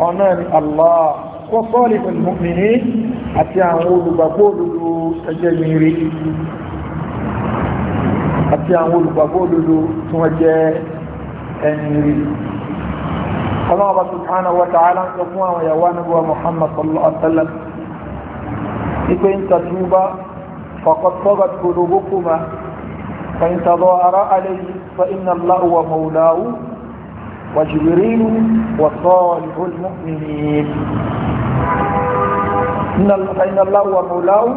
ọ̀nà ni Allah وصالح المؤمنين أتي أقول بقول تجميري أتي أقول بقول توجه أميري الله سبحانه وتعالى يقوم ويوان محمد صلى الله عليه وسلم إذا إن تتوبا فقد صغت قلوبكما فإن تظاهر عليه فإن الله ومولاه وجبريل وصالح المؤمنين فإن الله هو مولاه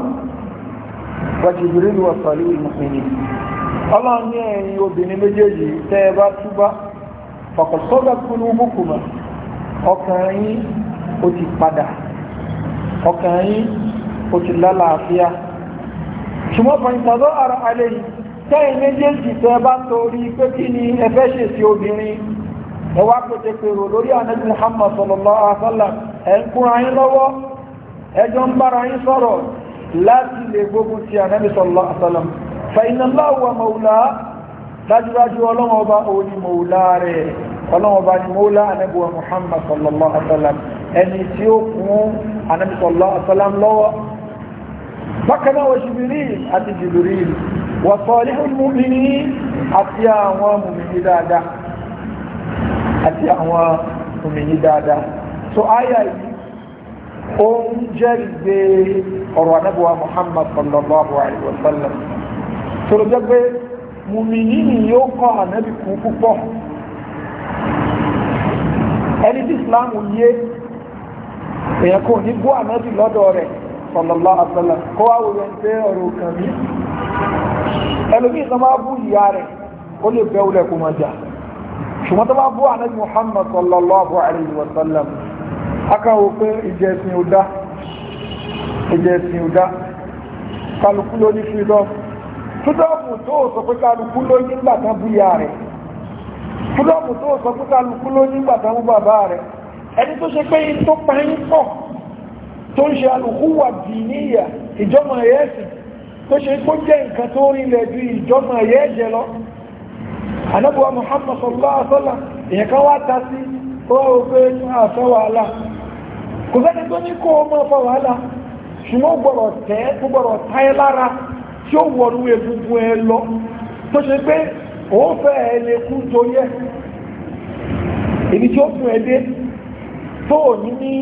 وجبريل وصالح المؤمنين ọlọ́run ní ẹ̀yin obìnrin méjèèjì tẹ́ ẹ bá túbá fọ̀kọ̀sọ́gbà kúrú mọ́kùnmọ́ ọkàn yín ó ti padà ọkàn yín ó ti lálàáfíà ṣùgbọ́n fọ̀yìntàdọ́ ara alẹ́ yìí tẹ́yìn méjèèjì tẹ́ ẹ bá torí pé kí ni ẹ fẹ́ ṣèṣì obìnrin ẹwà pètè pèrò lórí ànábì Muhammad sallallahu alaihi wasallam ẹ̀ ń kúra yín lọ́wọ́ ẹjọ́ ń bára yín sọ̀rọ̀ láti lè gbógun ti ànábì sallallahu alaihi wasallam fa inna Allaha wa mawla dájúdájú ọlọ́wọ́ ọba òní mọ̀ọ́lá rẹ̀ ọlọ́wọ́ ọba ni mọ̀ọ́lá ànábì wa Muhammad sallallahu alaihi wasallam ẹni tí ó kún ànábì sallallahu alaihi wasallam lọ́wọ́ bákan náà wa Jibril àti àti àwọn àti àwọn òmìnir dáadáa so àyà yìí ó ń jẹ́rìgbé ọ̀rọ̀ anábọ̀wá Muhammad sallallahu alayhi wa sallam tó ló jẹ́ pé mùmìnir ni yóò kọ́ ànábì kú púpọ̀ ẹni tí Islam yé èèyàn kò ní gbọ́ ànábì lọ́dọ̀ rẹ̀ sallallahu alayhi wa sallam kó wá wọ́n pé ọ̀rọ̀ kàn mí ẹlòmíì tó máa bú ìyá rẹ̀ ó lè bẹ́ wulẹ̀ kó máa jà ṣùgbọ́n tó bá bú ànábì Muhammad sallallahu alayhi wa sallam akáwò pé ìjẹsìn ò dá ìjẹsìn ò dá kálukú ló ní freedom freedom tó sọ pé kálukú ló ní gbàtán búyà rẹ̀ freedom tó sọ pé kálukú ló ní gbàtán bú bàbá rẹ̀ ẹni tó ṣe pé tó pa ń pọ̀ tó ń ṣe alùkúwà dìníyà ìjọmọ̀ ẹ̀yẹ́sìn tó ṣe kó jẹ́ nǹkan tó rí lẹ̀ ju ìjọmọ̀ ẹ̀yẹ́ jẹ lọ anábùwà muhammad sallallahu alaihi wasallam èyàn kan wá ta sí ó wá wọ́pẹ́ àfẹ́ wàhálà o máa fa wàhálà ṣùgbọ́n gbọ́rọ̀ tẹ́ gbọ́rọ̀ táyé lára tí ó wọ̀rú egungun ẹ lọ tó ṣe pé ó fẹ́ ẹ lè kú torí ẹ èyí tí ó fún ẹ dé tó ní ní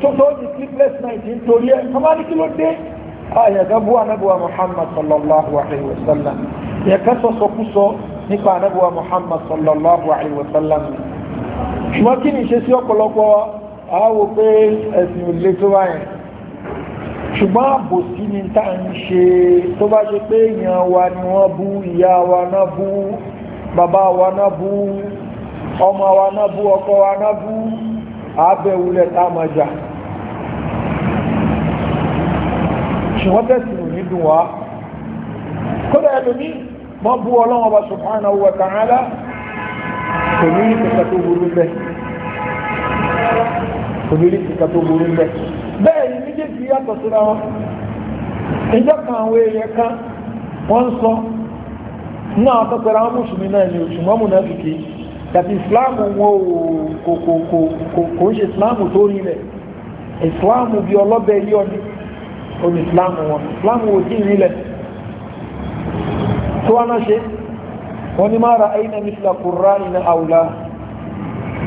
tó tó ní sleepless night nítorí ẹ ọmọ ní kí ló dé àyàgbá bu anábùwà muhammad sallallahu alaihi wasallam yẹ ká sọ sọkúsọ nípa anábíwá muhammad sallallahu alayhi wa sallam ṣùgbọ́n kí ni ṣe sí ọ̀pọ̀lọpọ̀ àwọ̀ pé ẹ̀sìn ilé tó bá yẹn ṣùgbọ́n àbòsí ni tá à ń ṣe tó bá ṣe pé èèyàn wa ni wọ́n bú ìyá wa náà bú bàbá wa náà bú ọmọ wa náà bú ọkọ wa náà bú àbẹ̀wulẹ̀ tá a máa jà ṣùgbọ́n tẹ̀sìn ò ní dùn wá kódà ẹlòmíì mọ́ bú ọlọ́wọ́ bá subhanahu wa ta'ala kò ní ìkẹta tó burú bẹ́ kò ní ìkẹta tó burú bẹ́ bẹ́ẹ̀ ni méjèèjì yàtọ̀ síra wọn ìjọ kan àwọn èèyàn kan wọ́n ń sọ náà tọ́pẹ̀rẹ̀ àwọn mùsùlùmí náà ni òṣùmọ́ mùnáfìkì tàbí ìsìláàmù wọn ò kò ń ṣe ìsìláàmù tó rí rẹ̀ ìsìláàmù bí ọlọ́bẹ̀ yọ ni ó ìsìláàmù wọn ìsìláàmù ò tí ì rí rẹ̀ tó wá náà ṣe wọ́n ni máa ra aina misla kùránì na àwùlá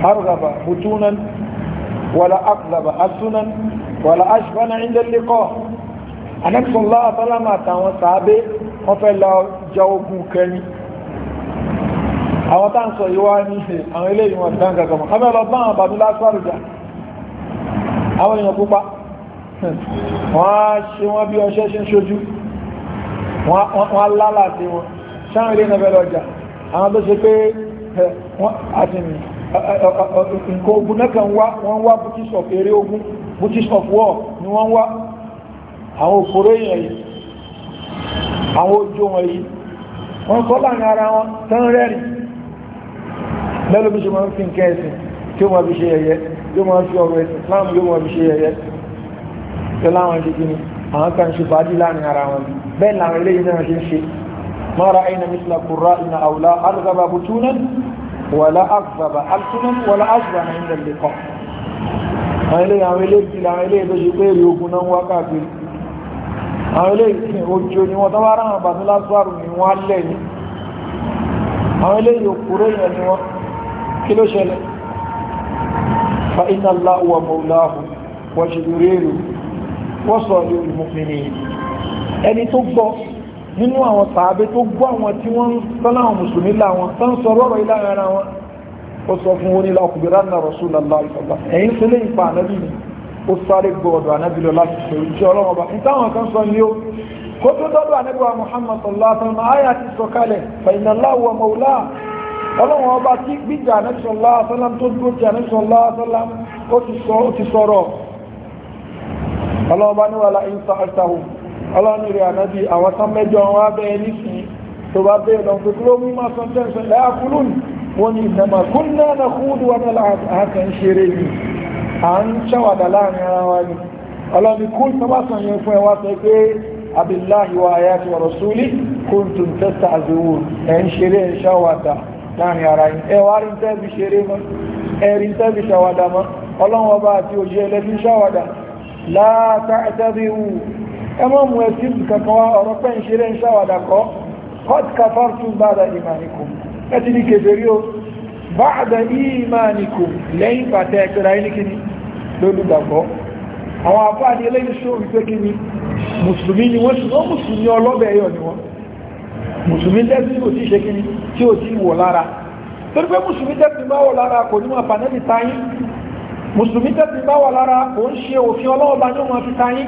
argaba butunan wala akzaba asunan wala ashbana inda liqa anẹ́sọ̀lá àtàlámà àtàwọn sàábé wọ́n fẹ́ lọ jẹ ogun kẹni àwọn tá ń sọ yíwá ní ṣe àwọn ilé ìwọ̀n ìdán gàgàmọ̀ a mẹ́lọ bá àwọn bàbí lásàrùjá àwọn èèyàn pupa wọ́n á ṣe wọ́n bí ọṣẹ́ ṣe ń ṣojú wọ́n lálà sí wọn ṣáà rí ẹ̀nà bẹ̀rẹ̀ ọjà àwọn tó ṣe pé nǹkan ogun náà kan wá wọ́n wá british of eré ogun british of war ni wọ́n wá àwọn òkúrò èèyàn yìí àwọn ojú wọn yìí wọ́n kọ́ láàrin ara wọn tán rẹ́rìn lẹ́lọ́bí ṣe fi nǹkan ẹ̀sìn tí ó fi ṣe ẹ̀yẹ yóò máa fi ọ̀rọ̀ ẹ̀sìn Islam yóò máa fi ṣe ẹ̀yẹ tẹ́láwọn ṣe kí ni àwọn kan ṣe fàájì láàrin ara wọn ni bẹ́ẹ̀ làwọn eléyìí náà ṣe ń ṣe mọ́ra ẹ̀yìn mísìlá kúrọ́ iná àwùlá arúgbàbà butunan wàlá àgbàbà altunan wàlá àgbàbà ní ilẹ̀ kọ́ àwọn eléyìí àwọn eléyìí làwọn eléyìí tó ṣe pé èrè ogun náà ń wá káàkiri àwọn eléyìí sì ojo ni wọ́n sọ lórí mọ́kànlélẹ́yìn ẹni tó gbọ́ nínú àwọn tàbí tó gbọ́ àwọn tí wọ́n tán láwọn mùsùlùmí láwọn tán sọ rọ́rọ̀ ilá ara wọn ó sọ fún wọn nílá ọkùnrin ránà Rasulullah ìsọ̀lá ẹ̀yìn tó lè ipa ànábì ni ó sáré gbọ́ ọ̀dọ̀ ànábì lọ láti pè ojú ọlọ́wọ́ bá nítawọn kan sọ ni ó kó tó dọ́dọ̀ ànábì wa Muhammad sallallahu alaihi wasallam àyà ti sọ kalẹ̀ fàyínàlá wa mọ̀ọ́lá ọlọ́wọ́n ọba tí gbíjà ànábì sallallahu alaihi wasallam tó dúró ti ànábì ọlọ́nìrì ànábì àwọn tán mẹ́jọ wọn abẹ́ nísìn tó bá bẹ́ẹ̀ lọ pé kúrò mú máa sọ tẹ́sán lẹ́yà kúrò ní wọ́n ní ìdámà kún náà na kúrò wọn àkàn ṣeré ni à ń ṣàwàdà láàrin ara wa ni ọlọ́ni kún tó bá sàn yẹn fún ẹ wá sọ pé abillahi wa ayati wù ẹ mọ́ mú ẹtí kankan wá ọ̀rọ̀ pẹ́ ń ṣeré ń ṣàwàdà kọ́ hot kafar tún bada ìmánikùn ẹ ti ní kèfèrí o bada ìmánikùn lẹ́yìn pàtẹ́ ẹ̀kẹ́ra yìí kíni lólùgbàgbọ́ àwọn àfáàdì eléyìí ṣó wípé kíni mùsùlùmí ni wọ́n ṣùgbọ́n mùsùlùmí ọlọ́bẹ̀ ẹ̀yọ̀ ni wọ́n mùsùlùmí tẹ́sí ò tí ṣe kíni tí ò tí wọ̀ lára torí pé mùsùlùmí tẹ́sí máa wọ̀ lára kò ní wọn pàtẹ́ tayín mùsùlùmí tẹ́sí máa wọ̀ lára kò ń ṣe òfin ọlọ́ọ̀bá ní wọn fi tayín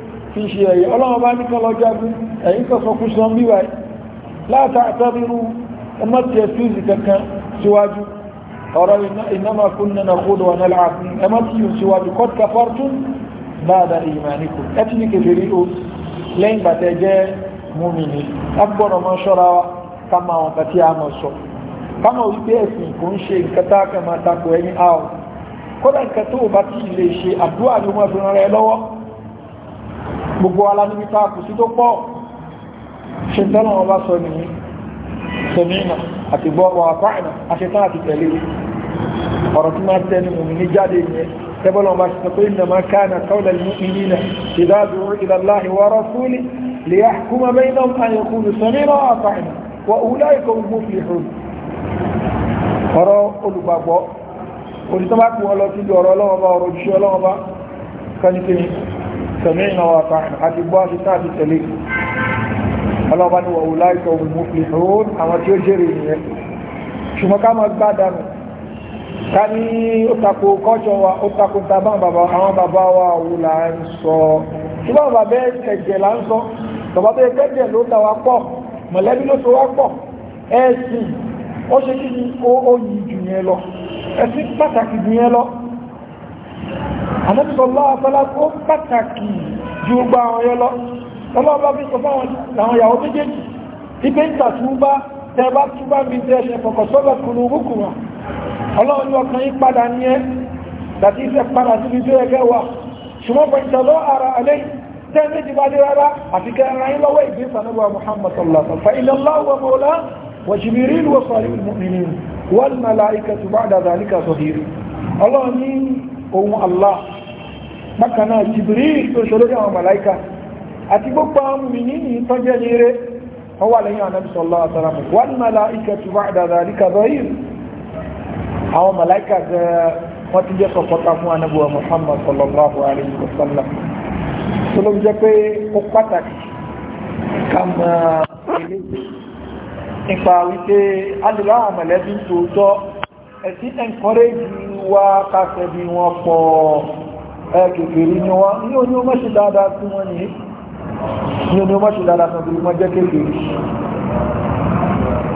fi ṣe ẹ̀yẹ ọlọ́wọ́ bá ní kan lọ jagun ẹ̀yìn kan sọ kúsọ bíwá láta àtàbírú ọmọ tí ẹ fi ìsì kankan síwájú ọ̀rọ̀ ìnáma kún nínú kódò wọn láàbí ẹmọ tí yóò síwájú kọ́t kafartun báadà ìmàníkù ẹ ti ní kèfèrí o lẹ́yìn gbàtẹ́ jẹ́ múmìnì agbọ́dọ̀ mọ́ ṣọ́ra wa ká máa kò gbogbo wa níbi tá a kù sí tó pọ̀ ṣe tọ́lọ̀ ọba sọ nìyí sọmínà àti gbọ́ọ̀bọ̀ àpáànà aṣetán àti tẹ̀lé ọ̀rọ̀ tí máa tẹ́ni mùmí ní jáde yẹn tẹ́bọ̀lọ̀ ọba ṣe pé ìnàmá káàna kọ́lẹ̀ mu'minina idha du'u ila Allahi wa rasuli liyahkuma baynahum sẹ̀mẹ́yìnà wà fàánà àti gbọ́ àti sáàbì tẹ̀lé ọlọ́ba ni wà wùlá ìtọ̀ òmù fi òun àwọn tí ó jèrè ìyẹn ṣùgbọ́n ká máa gbá dànù ká ní ó tako kọ́jọ wa ó tako tàbá àwọn bàbá wa wù là ń sọ ṣùgbọ́n bàbá ẹ̀jẹ̀ là ń sọ bàbá tó yẹ kẹ́jẹ̀ ló dà wá pọ̀ mọ̀lẹ́bí ló so wá pọ̀ ẹ̀sìn ó ṣe kí ni ó yí jù yẹn lọ ẹ̀sìn pàtàkì jù yẹn lọ àmọ́bìsọ̀lọ́ àtọ́lá tó pàtàkì ju gba àwọn yọ lọ ọlọ́ọ̀bá fi sọ fáwọn àwọn ìyàwó méjèèjì ibẹ̀ ń tàtúbá tẹ́bá túbá mi tẹ́ẹ̀ṣẹ̀ fọ̀kọ̀sọ́lọ̀ kùnú gúkùnwà ọlọ́run ní ọkàn yí padà ní ẹ́ láti iṣẹ́ padà síbi tó ẹgẹ́ wà ṣùgbọ́n pẹ̀lú ìtàlọ́ ara alẹ́ tẹ́ méjì bá dé rárá àti kẹ́ ara yín lọ́wọ́ ìgbé sanúwà Muhammad sallallahu alaihi ohun Allah bákan náà Jibril tó ṣe lórí àwọn màláìka àti gbogbo àwọn mìíní yìí tó jẹ́ ní eré wọ́n wà lẹ́yìn Ànábì sallallahu alaihi wasallam wal malaikatu ba'da dhalika dhahir àwọn màláìka gan wọ́n ti jẹ́ sọ̀kọ́ta fún Ànábì wa Muhammad sallallahu alaihi wasallam tó ló jẹ́ pé ó pàtàkì ká máa nípa wípé alìlọ́ àwọn tòótọ́ ẹ̀sí encourage wa káfẹ́ bí wọ́n pọ̀ ẹ̀kẹ̀kẹ̀rí ni wọ́n ní o ní o mọ́ṣe dáadáa sí wọ́n ní ní o ní o mọ́ṣe dáadáa sí wọ́n jẹ́ kékeré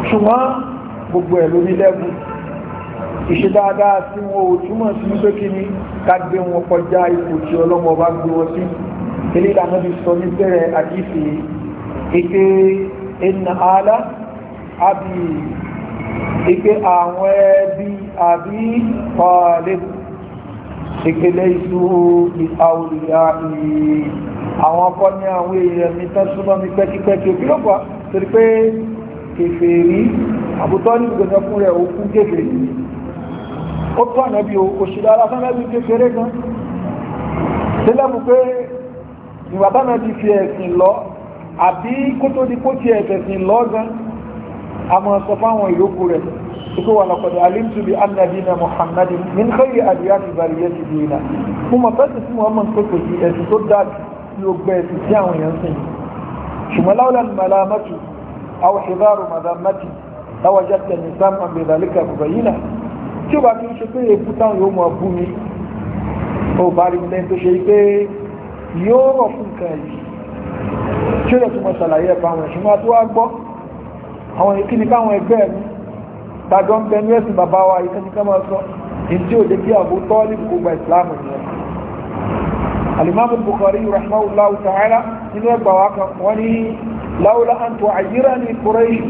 ṣùgbọ́n gbogbo ẹ̀ lórí lẹ́gùn ìṣe dáadáa sí wọn ò túmọ̀ sí wípé kí ni ká gbé wọn kọjá ipò tí ọlọ́mọ bá gbé wọn sí ilé ìlànà bí sọ ní bẹ̀rẹ̀ àdífì ike ẹnà ààlà àbí ike àwọn ẹbí àbí ọ̀lẹ́ ìpínlẹ̀ ìṣú ìtàwòlìyà àwọn ọkọ ní àwọn èèyàn mi tán súnmọ́ mi pẹ́kípẹ́kí òkè lọ́pàá torí pé kèfèrí àbútọ́ ní ìgbẹ̀sẹ̀ fún rẹ̀ òkú kèfèrí ó tó ànábí òṣìlá alásánlẹ́bí kékeré gan sílẹ̀mù pé ìwàbánà ti fi ẹ̀sìn lọ àbí kó tó di kó ti ẹ̀sìn lọ gan àmọ́ sọ fáwọn ìyókù rẹ̀ ikú wà lọ́kọ̀dẹ̀ alimtubi annadina muhammadin min khayri adiyati bariyati dina mo mọ̀ fẹ́sì sí muhammad tó kò sí ẹ̀sìn tó dáa tí ó gbẹ ẹ̀sìn tí àwọn èèyàn sìn ṣùgbọ́n láwùlá ni malamatu aw hidaru madamati láwàjá tẹ̀ ní sáàmà bẹ̀rẹ̀ bùbáyìnà tí ó bá fi ṣe pé èkú táwọn yóò mọ̀ bú mi ó bá rí mi lẹ́yìn tó ṣe pé yóò rọ̀ fún nǹkan yìí tí ó lè tún mọ̀ ṣàlàyé ẹ̀ àwọn ìkíni káwọn ẹgbẹ́ mi tàjọ ń bẹ ní ẹ̀sìn bàbá wa ìkíni ká máa sọ ìdí òde kí Abu Talib gbogbo ìsìlámù nìyẹn alimami Bukhari rahimahullahu ta'ala nínú ẹgbà wa kan wọ́n ní láwùlá àǹtọ̀ àyíra ní Quraysh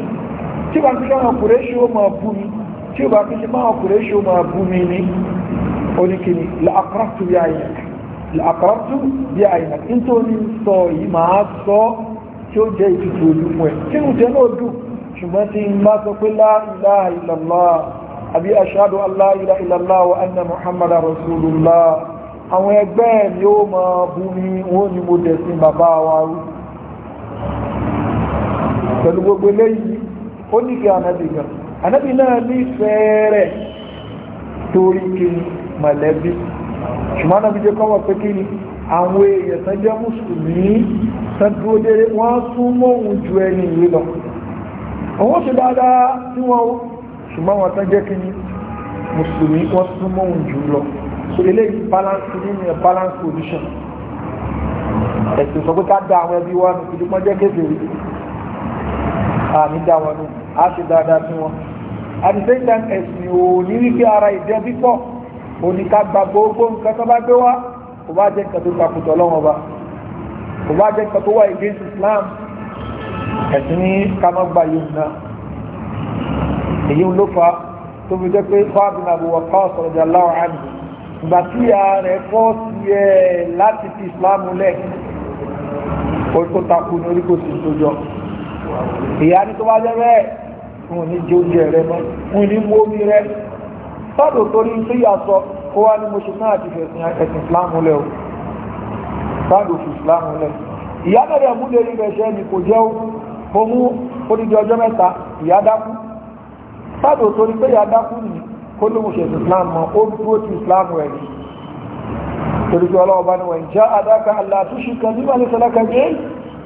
tí bá fi káwọn Quraysh ó máa bú mi tí ó bá fi ṣe máa Quraysh ó máa bú mi ní oníkíni làkàràtù bí àyìnà làkàràtù bí àyìnà nítorí sọ yìí máa sọ tí ó jẹ́ ìtutù ojú fún ẹ tí ó jẹ́ náà dùn ṣùgbọ́n tí n bá sọ pé la ilaha illallah àbí ashhadu an la ilaha illallah wa anna muhammadan rasulullah àwọn ẹgbẹ́ mi ó máa bú mi wọ́n ni mo dẹ̀sìn bàbá wa rú pẹ̀lú gbogbo eléyìí ó nífẹ̀ẹ́ ànábì gan ànábì náà nífẹ̀ẹ́ rẹ̀ torí kí mọ̀lẹ́bí ṣùgbọ́n ànábì jẹ́ jẹ́ mùsùlùmí àwọn ṣe dáadáa tí wọ́n ṣùgbọ́n wọn tán jẹ́ kí ní mùsùlùmí wọ́n súnmọ́ òun jù lọ so eléyìí balance nínú ẹ̀ balance position ẹ̀sìn sọ pé ká dá àwọn ẹbí wa nù kìdí pọ́n jẹ́ kékeré àmì dá wọn nù á ṣe dáadáa sí wọn at the same time ẹ̀sìn ò ní wípé ara ìjẹ́ pípọ̀ òní ká gba gbogbo nǹkan tó bá gbé wá kò bá jẹ́ nǹkan tó takùtọ̀ lọ́wọ́ bá kò bá jẹ́ nǹkan tó wà against Islam ẹ̀sìn ní kámọ́gbà yìí náà èyí ló fa tó fi jẹ́ pé fáàbùn àbúwọ̀ káọ̀sì radiyallahu anhu ìgbà tí ìyá rẹ̀ fọ́ sí ẹ láti fi ìsìláàmù lẹ̀ orúkọ takú ní oríkò sí ìtòjọ ìyá ní tó bá jẹ́ bẹ́ẹ̀ fún ní jẹ oúnjẹ rẹ mọ́ fún ní mú omi ìyá náà rẹ̀ múlẹ̀ rí ni kò jẹ́ mo mú odidi ọjọ́ mẹ́ta ìyá dákú sáàdò torí pé ìyá dákú ni kó ló mú ṣe islam mọ́ ó dúró ti islam rẹ̀ ni torí pé ọlọ́wọ́ bá ní wọ̀nyí já adáka aláàtúnṣe kan ní wàlẹ̀ sọ́láka jẹ́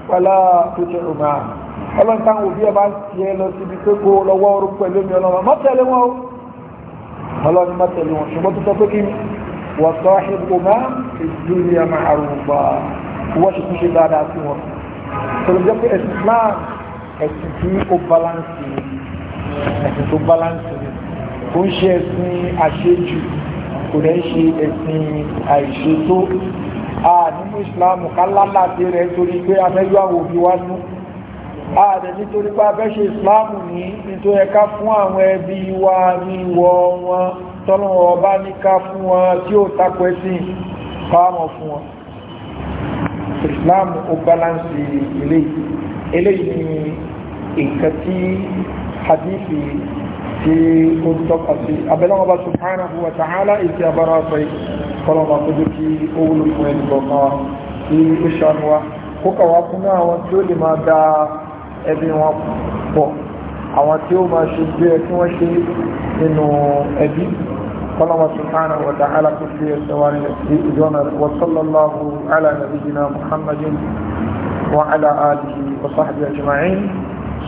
pẹ̀lá tó tẹ ọmọ à ọlọ́run táwọn òbí ẹ bá ń tiẹ̀ lọ síbi pé kó lọ́wọ́ orú pẹ̀lú mi ọlọ́run má wọn o ọlọ́run má wọn ṣùgbọ́n tó sọ pé kí wọ́n sọ ṣe ọmọ ìdúnyàmà àrùn gbà wọ́n ṣe tún ṣe dáadáa sí wọn. tòlùjọ́ pé ẹ̀sìn islam ẹ̀sìn tí ó balansi ẹ̀sìn tó balansi ó ń ṣe ẹ̀sìn àṣejù kò dẹ̀ ń ṣe ẹ̀sìn àìṣètò a nínú ìsìláàmù kálálàdé rẹ̀ torí pé afẹ́jọ́ àwọn òbí wá nú a dẹ̀ nítorí pé afẹ́ ṣe ìsìláàmù ní nítorí ẹ̀ka fún àwọn ẹbí wa ní ìwọ wọn tọ́lọ́wọ́ ọba níka fún wọn tí ó takò ẹ̀sìn káàmọ̀ fún wọn ìsìláàmù ó balansi eléyìí eléyìí ni nǹkan tí hadithi tí ó tọ́ka sí abẹ́lẹ́wọ̀n bá subhanahu wa ta'ala ìtì abára sọ kọlọ̀mà kójú kí ó wúlò fún ẹni gbọ̀ngàn wa ní ìṣàánú wa kó kà wá fún àwọn tí ó lè سبحانه وتعالى كل الثواني في جنر وصلى الله على نبينا محمد وعلى آله وصحبه أجمعين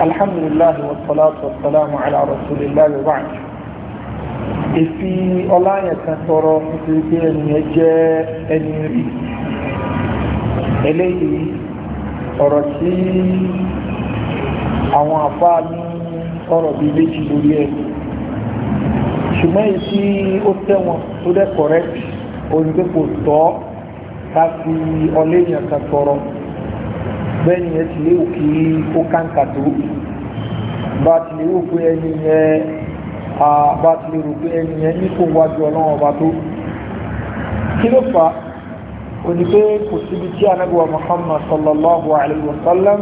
الحمد لله والصلاة والسلام على رسول الله وبعد ìfi ọláyàn kan sọ̀rọ̀ nítorí pé ẹni ẹ jẹ́ ẹni rí eléyìí ọ̀rọ̀ tí àwọn àfáà ní ọ̀rọ̀ bíi méjì lórí ẹ̀ ṣùgbọ́n èyí tí ó tẹ̀wọ̀n tó dẹ̀ correct òyìnbó kò tọ́ ká fi ọléyàn kan sọ̀rọ̀ bẹ́ẹ̀ ni ẹ ti léwu kí ó kàǹkà tó bá ti léwu pé ẹni yẹn bá ti léwu pé ẹni yẹn nípò wájú ọlọ́run ọba tó kí ló fà á òní pé kò síbi tí anábíwá Muhammad sallallahu alayhi wa sallam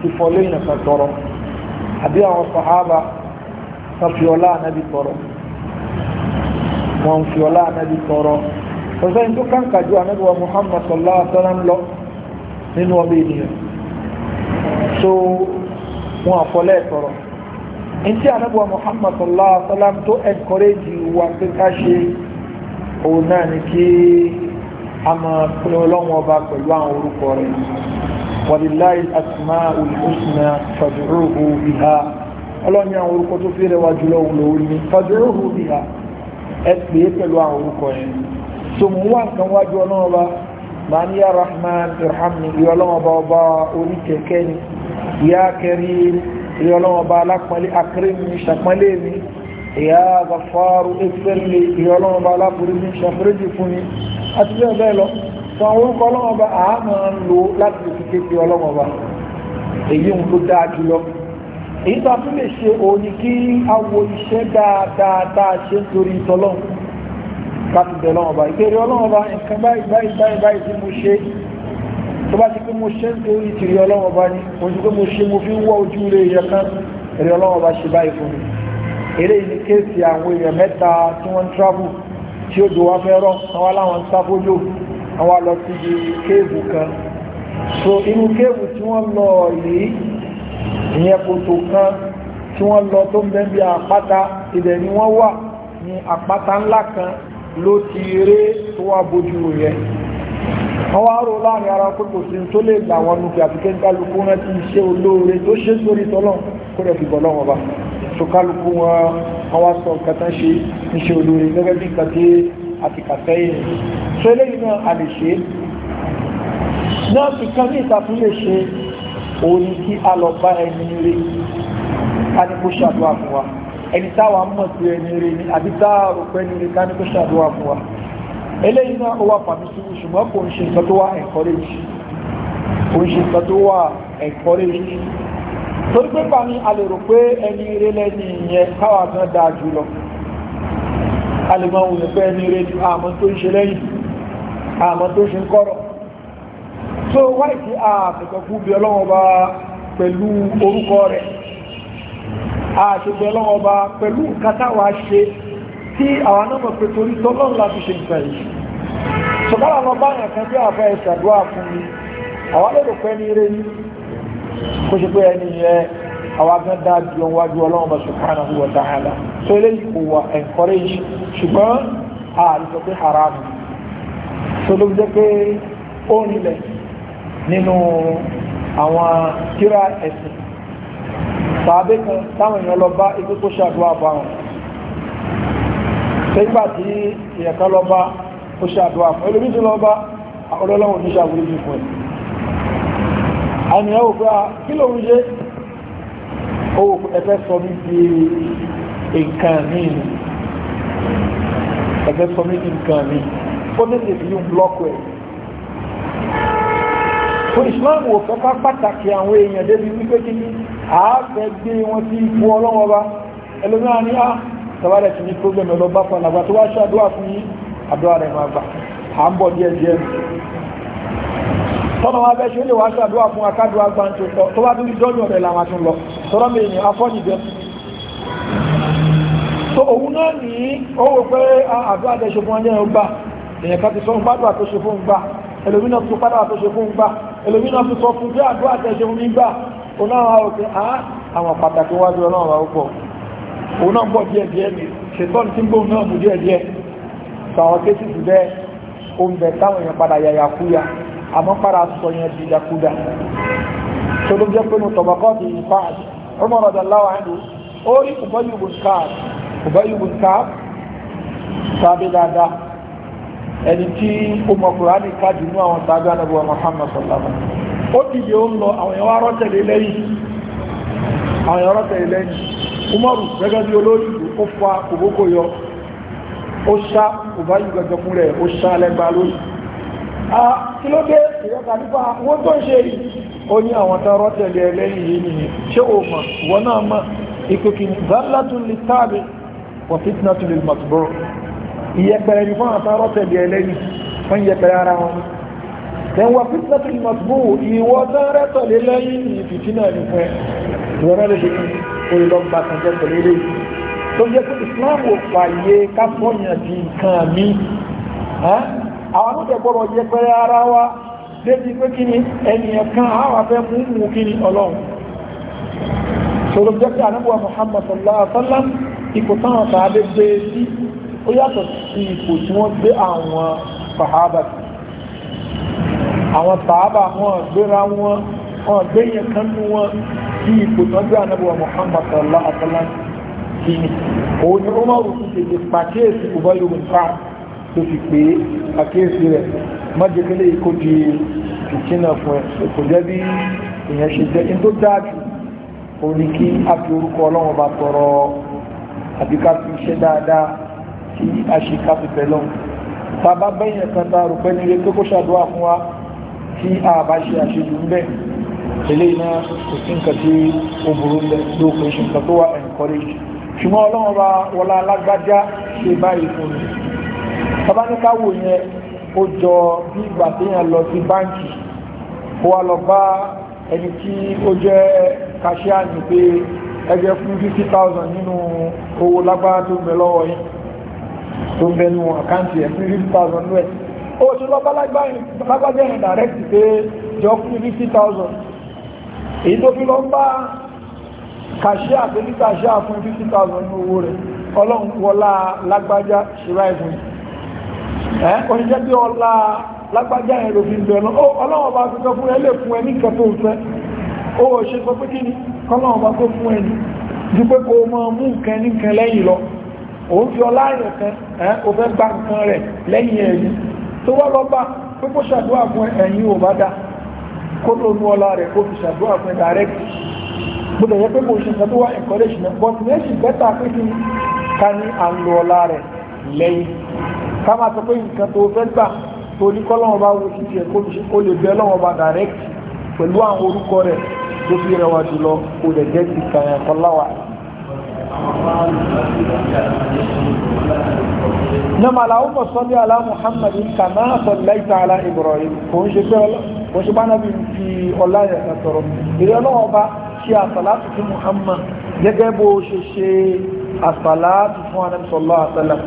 ti fọlé ìnàkan tọrọ àbí àwọn sàhábà wọn fi ọlá anábì tọrọ wọn fi ọlá anábì tọrọ ọ̀sẹ̀ tó kàǹkà ju anábíwá Muhammad sallallahu alayhi wa sallam lọ nínú ọmọ ènìyàn so wọn àfọlẹ́ tọrọ ntí anábọ̀ Muhammad sallallahu alaihi wa sallam tó encourage wa pé ká ṣe òun náà ni kí a máa pe ọlọ́wọ́n ọba pẹ̀lú àwọn orúkọ rẹ̀ walillahi al-asma'ul husna fad'uhu biha ọlọ́ni àwọn orúkọ tó fẹ́rẹ̀ wá jùlọ òun lòun ni fad'uhu biha ẹ pè é pẹ̀lú àwọn orúkọ yẹn so mú wá nǹkan wájú ọlọ́wọ́n ọba من يا رحمن ارحمني يا لما بابا أولي يا كريم يا لما بالك مالي أكرمني شكمليني يا غفار اغفر لي يا لما بالك بريني شفرجي فني أتبع بيلو فأقول لما با آمان لو لكي تكيك يا لما با èyí ń ló dáa jùlọ èyí tó a tún lè ṣe òun ni kí a wo iṣẹ́ dáadáa dáa ṣe ń torí ìtọ́lọ́hún láti bẹ̀ lọ́wọ́ bá ìkéré ọlọ́wọ́ bá nǹkan báyìí báyìí báyìí báyìí tí mo ṣe tó bá ti pé mo ṣe ń torí ìtìrí ọlọ́wọ́ bá ní mo ti pé mo ṣe mo fi ń wọ́ ojú rẹ̀ èèyàn kan èrè ṣe báyìí fún ni so inú kéèbù tí wọ́n lọ yìí ìyẹn kòtò kan tí wọ́n ni wọ́n wà àpáta ńlá kan ló ti eré tó wá bójú rẹ̀ wọ́n wá rò láàrin ara pé kò sí tó lè là wọn nùkẹ́ àti kẹ́ńkálukú wọn ti ṣe olóore tó ṣe sórí tọ́lọ̀ kó rẹ̀ fi bọ̀ lọ́wọ́ bá so wọn wọ́n sọ nǹkan ṣe ṣe olóore gẹ́gẹ́ bí nǹkan tí àti kàtẹ́yìn so eléyìí náà a lè ṣe náà fi kan ní ìtàkùn lè ṣe òun ni kí a lọ bá ẹni rí a ní kó ṣàdúrà fún wa ẹni táwa mọ̀ sí ẹni rí ni àbí táà rò pé ní ká ní fún wa eléyìí náà ó wà pàmí sí ṣùgbọ́n kò ń ṣe nǹkan tó wà encourage kò ń ṣe nǹkan tó wà encourage torí pé pàmí a lè rò pé ẹni rí lẹ́ni ìyẹn káwa náà dáa jù lọ a lè máa wùyàn pé ẹni rí ni àmọ́ tó ń ṣe lẹ́yìn àmọ́ tó ń ṣe ń kọ́rọ̀ so wáìtì àfẹ́kọ̀kú bí ọlọ́wọ́ bá pẹ̀lú orúkọ rẹ̀ àṣìṣe ọlọ́wọ́ bá pẹ̀lú nǹkan táwa ṣe tí àwọn náà mọ̀ pé torí tọ́lọ́run láti ṣe nǹkan yìí ṣùgbọ́n àwọn bá yàn kan bí àfẹ́ ìṣàdúrà fún mi àwọn lè rò pé ní eré ní kó ṣe pé ẹni yẹn àwọn gan ju ohun ọlọ́run encourage ṣùgbọ́n àlùsọ pé haram so ló jẹ́ pé ó nílẹ̀ nínú tàbí kan táwọn èèyàn lọ bá ikú kó ṣàdúrà bá wọn nígbà tí ìyẹ̀kan lọ bá kó ṣàdúrà fún ẹlòmí tí lọ bá ọlọ́lọ́wọ̀n ní ṣàwúrí fún ẹ̀ àníyàn òfin kí lóun yé owó ẹfẹ́ sọ mí di nǹkan míì ẹfẹ́ sọ mí di nǹkan míì ó ní tètè yóò blọ́ọ̀kù ẹ̀ fún Islam wò fẹ́ ká pàtàkì àwọn èèyàn débi wípé kíní àáfẹ́ gbé wọn sí ipò ọlọ́wọ́ bá ẹlòmíràn ní á ah, tàbálẹ̀ sí ní problem ẹ̀lọ́ bá fún àlàgbà tó wá ṣe àdúrà fún yí àdúrà rẹ̀ máa gbà à ń bọ̀ díẹ̀ díẹ̀ tọ́nà wá bẹ́ ṣe ó lè wá ṣe àdúrà fún akádùá gbà tọ́ tó bá tún ní dọ́nù ọ̀rẹ́ làwọn tún lọ tọ́rọ́ mi ni afọ́nì jẹ́ so òun náà ní owó pé ah, àdúrà tẹ́ ṣe fún ọjọ́ gbà èèyàn kan ti sọ gbàdúrà tó ṣe fún gbà ẹlòmínà tó padà tó ṣe fún gbà ẹlòmínà tó sọ fún pé àdúrà tẹ́ ṣe fún mi gbà òun náà wà òkè á àwọn pàtàkì wájú ọlọ́run wà púpọ̀ òun náà pọ̀ díẹ̀ díẹ̀ ni ṣètọ́n tí Ka gbóhùn náà mú díẹ̀ díẹ̀ sàwọn kéṣì sí bẹ́ẹ̀ ó ń bẹ táwọn èèyàn padà yàyà kúya àmọ́ padà sọ di yakuda tó ló jẹ́ pé Muhammad sallallahu alaihi wasallam ó dìde ó ń lọ àwọn èèyàn wá lẹ́yìn àwọn èèyàn rọ́tẹ̀lé lẹ́yìn umaru gẹ́gẹ́ bí olórí ó fa òbókò yọ ó ṣá òbá yìí rẹ̀ ó ṣá lẹ́gbàá lórí a kí ló dé ìrẹ́ta nípa wọ́n tó ń ṣe yìí ó ní àwọn tó rọ́tẹ̀lé lẹ́yìn yìí nìyẹn ṣé o mọ̀ ìwọ náà ni fún àwọn lẹ́yìn wọ́n yẹpẹrẹ ara wọn ẹ̀ wọ fitna tó mọ̀ tó ìwọ náírà tọ̀lé lẹ́yìn ìfìtínà nìkan ẹ̀ ìwọ náà lè ṣe kí o lọ gba kan jẹ́ pẹ̀lú ilé yìí tó jẹ́ pé Islam ò fààyè káfọ́yàn di nǹkan mi àwọn àmúdẹ̀ gbọ́dọ̀ jẹ́ pé ara wa débi pé kí ni ẹnìyàn kan àwọn afẹ́ mú mú kí ni ọlọ́run sọ̀rọ̀ jẹ́ pé ànábùwà Muhammad sallallahu alaihi wa sallam ipò táwọn sàábé gbé sí ó yàtọ̀ sí ipò tí wọ́n gbé àwọn sàhábà sí àwọn sàábà wọn gbéra wọn wọn gbéyàn kan nú wọn sí ipò tọ́jú ànábọ̀wà Muhammad sallallahu alaihi wa sallam sí ni òun ni Umar fi tètè pàkíyèsí Ubay ibn Ka'b tó fi pé àkíyèsí rẹ̀ májèkélé ikó di ìkínà fún ẹ̀ kò jẹ́ bí ìyẹn ṣe jẹ́ in tó dájú ó kí a fi orúkọ ọlọ́run bá tọrọ àbí ká fi iṣẹ́ dáadáa tí a ṣe ká fi bẹ̀ lọ́hùn tá bẹ́yìn ẹ̀kan tá a rò pé nílé pé kó ṣàdúrà fún wa tí a bá ṣe àṣejù ń bẹ̀ ilé iná kò sí tí ó ló kò ṣe nǹkan tó wà encourage ṣùgbọ́n ọlọ́run bá wọlá alágbájá ṣe báyìí fún mi bàbá ní ká wò yẹn ó jọ bí ìgbà téèyàn lọ sí báǹkì ó wá lọ bá ẹni tí ó jẹ́ kàṣíà ní pé ẹgbẹ́ fún 50,000 nínú owó lágbára tó ń bẹ lọ́wọ́ yìí tó ń bẹ nínú àkáǹtì ẹ̀ fún 50,000 lọ́wọ́ ó ṣe lọ bálágbájẹ́rin direct pé jọ fún ní 50,000 èyí tó fi lọ bá kàṣíà tó ní kàṣíà fún 50,000 ní owó rẹ̀ ọlọ́run wọlá lágbájá ṣíra ìfún ẹ̀ oníjẹ́ bí ọlá lágbájá ẹ̀rọ fi ń bẹ̀ lọ ọlọ́run ọba fi sọ fún ẹ lè fún ẹ ní nǹkan tó fẹ́ ó ṣe sọ pé kí ni kọ́lọ́run ọba tó fún ẹ ní ju pé kó mọ mú nǹkan ní nǹkan lẹ́yìn lọ òun fi ọlá ẹ̀rẹ̀ kan ó fẹ́ gba nǹkan rẹ̀ lẹ́yìn ẹ̀yìn tó wá lọ bá pé kó ṣàdúrà fún ẹ̀yìn ò bá dá kó tó mú ọlá rẹ̀ kó fi ṣàdúrà fún ẹ̀ direct bó lè yẹ pé kò ṣe nǹkan tó wá encourage náà but méjì bẹ́tà pé kí ká ní à ń lo ọlá rẹ̀ lẹ́yìn ká máa sọ pé nǹkan tó fẹ́ gbà tó ní kọ́ lọ́wọ́ bá wo nam alahumma salli ala muhammadin kama sallaita ala ibrahim kò ń ṣe pé kò ṣe bá nàbí fi ọlá yẹn kan sọ̀rọ̀ ìrẹ náà ọba ṣe àsàlátù fún muhammad gẹ́gẹ́ bó ṣe ṣe àsàlátù fún anabi sallallahu alaihi wasallam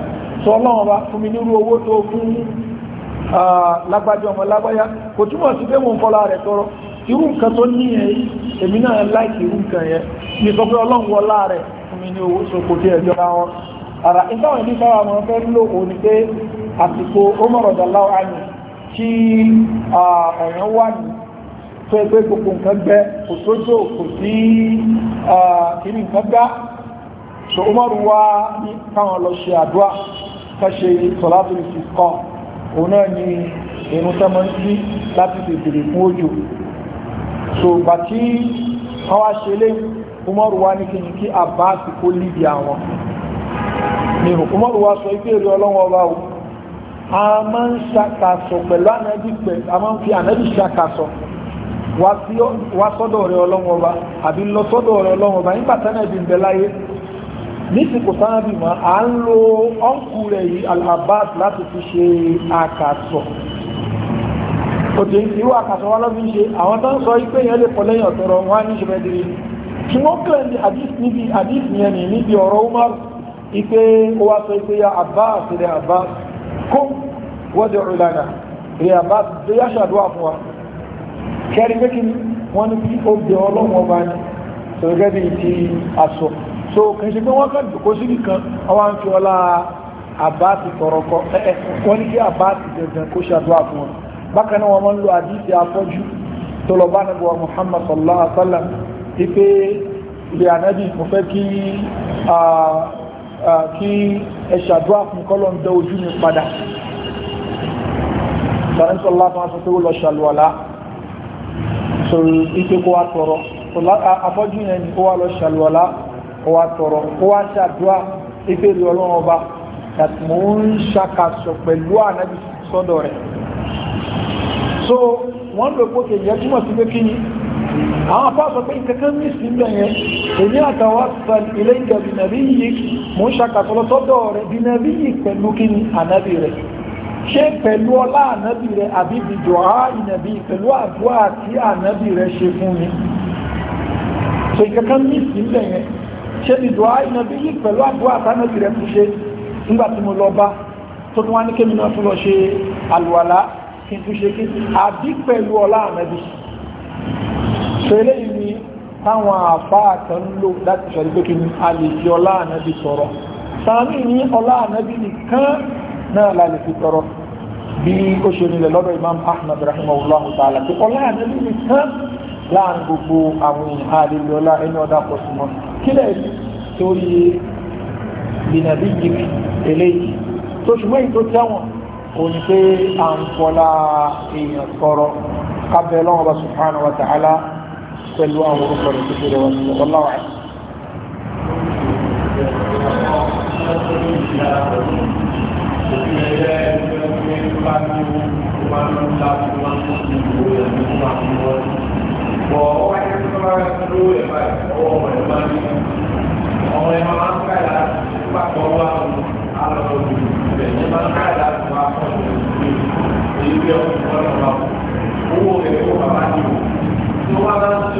sọ ọlọ́run ọba fún mi nírú owó tó fún lágbájọ ọmọ lágbáyá kò túmọ̀ sí pé mo ń fọlá rẹ̀ tọrọ irú nǹkan tó ní ẹ̀ èmi náà láìkì irú nǹkan yẹn ní sọ pé ọlọ́run wọlá rẹ̀ fún mi ní owó sókòtì ẹ̀jọ́ ara ìtàwọn ìlú sára wọn fẹ́ lò ó ní pé àsìkò Umar radallahu anhu tí ọ̀ràn wà ní tó ẹgbẹ́ gbogbo nǹkan gbẹ kò sójò kò sí kìíní nǹkan gbá so Umar wá ní káwọn lọ ṣe àdúrà ká ṣe sọ̀látù ìsìnkọ́ òun náà ni ẹnu tẹ́mọ̀ ń sí láti tètèrè fún òjò so gbà tí wọ́n wá ṣe lé Umar wá ní kí ní kí líbi àwọn ní òkúmọ́rù wa sọ ipé èrè ọlọ́wọ́ ọba o a máa ń ṣàkàsọ pẹ̀lú ànábì pẹ̀ a máa ń fi ànábì ṣàkàsọ wá sọ́dọ̀ rẹ ọlọ́wọ́ ọba àbí lọ sọ́dọ̀ rẹ ọlọ́wọ́ ọba nígbà tánàbì ń bẹ láyé nísìkò tánàbì mọ́ à ń lo ọ́nkù rẹ̀ yìí al-abbas láti fi ṣe àkàsọ òtún irú àkàsọ wa lọ́fi ń ṣe àwọn tó ń sọ ipé yẹn lè pọ̀ lẹ́yìn ọ̀tọ̀rọ̀ wọn á ní ṣe ipe ó wá sọ pé ya abbas rẹ abbas kó wọ́dẹ̀ ìlànà rẹ abbas tó yá ṣàdúrà fún wa kẹrí pé kí wọ́n ní kí ó bẹ ọlọ́run ọba ní sọ̀rọ̀gẹ́ bí ti aṣọ so kìí ṣe pé wọ́n kàn jòkó sí nìkan ọwá ń fi ọlá abbas tọrọ kọ ẹ̀ẹ́ wọ́n ní kí abbas gẹ̀gẹ̀ kó ṣàdúrà fún wọn bákan náà wọ́n máa ń lo àdíṣe afọ́jú tó lọ bá nàbọ̀ muhammad sallallahu alaihi wasallam ipe ilé ànábì mo fẹ́ kí ah, kí ẹ ṣàdúrà fún kọ́lọ̀ ń dẹ ojú mi padà sàrẹ́sọ̀lá fún aṣọ pé ó lọ ṣàlùwàlá so ike kó wa tọrọ afọ́jú yẹn ni kó wa lọ ṣàlùwàlá kó wa tọrọ kó wa ṣàdúrà ife ìlú ọlọ́run ọba àti mò ń ṣàkàṣọ pẹ̀lú ànábì sọ́dọ̀ rẹ̀ so wọ́n àwọn afọ́sọ pé ìkẹ́kẹ́ ní ìsinmi yẹn èmi àtàwà sàlì ilé ìjọ bìnàbí yìí mò ń ṣàkàtọ́lọ́ sọ́dọ̀ rẹ̀ bìnàbí yìí pẹ̀lú kí ni ànábì rẹ̀ ṣé pẹ̀lú ọlá ànábì rẹ̀ àbí bìjọ á ìnàbí pẹ̀lú àdúrà tí ànábì rẹ̀ ṣe fún mi ṣe ìkẹ́kẹ́ ní so eléyìí ni táwọn àfá àtàn lò láti sọ pé kí ni a lè fi ọlá ànábì sọ̀rọ̀ sàmì ní ọlá ànábì nìkan náà la lè fi tọrọ bí ó ṣe nílẹ̀ lọ́dọ̀ imam ahmed rahimahullah òní pé à ń fọlá èèyàn sọ̀rọ̀ kábẹ́ bá subhanahu wa pẹ̀lú àwọn orúkọ rẹ̀ títí rẹ̀ wọ́n láwà. Ọmọ ẹ̀ máa ń káyà pàtó wá alọ́ òbí, ẹ̀ máa ń káyà pàtó òbí, èyí bí ọkùnrin ọ̀rọ̀ wà. Nàbà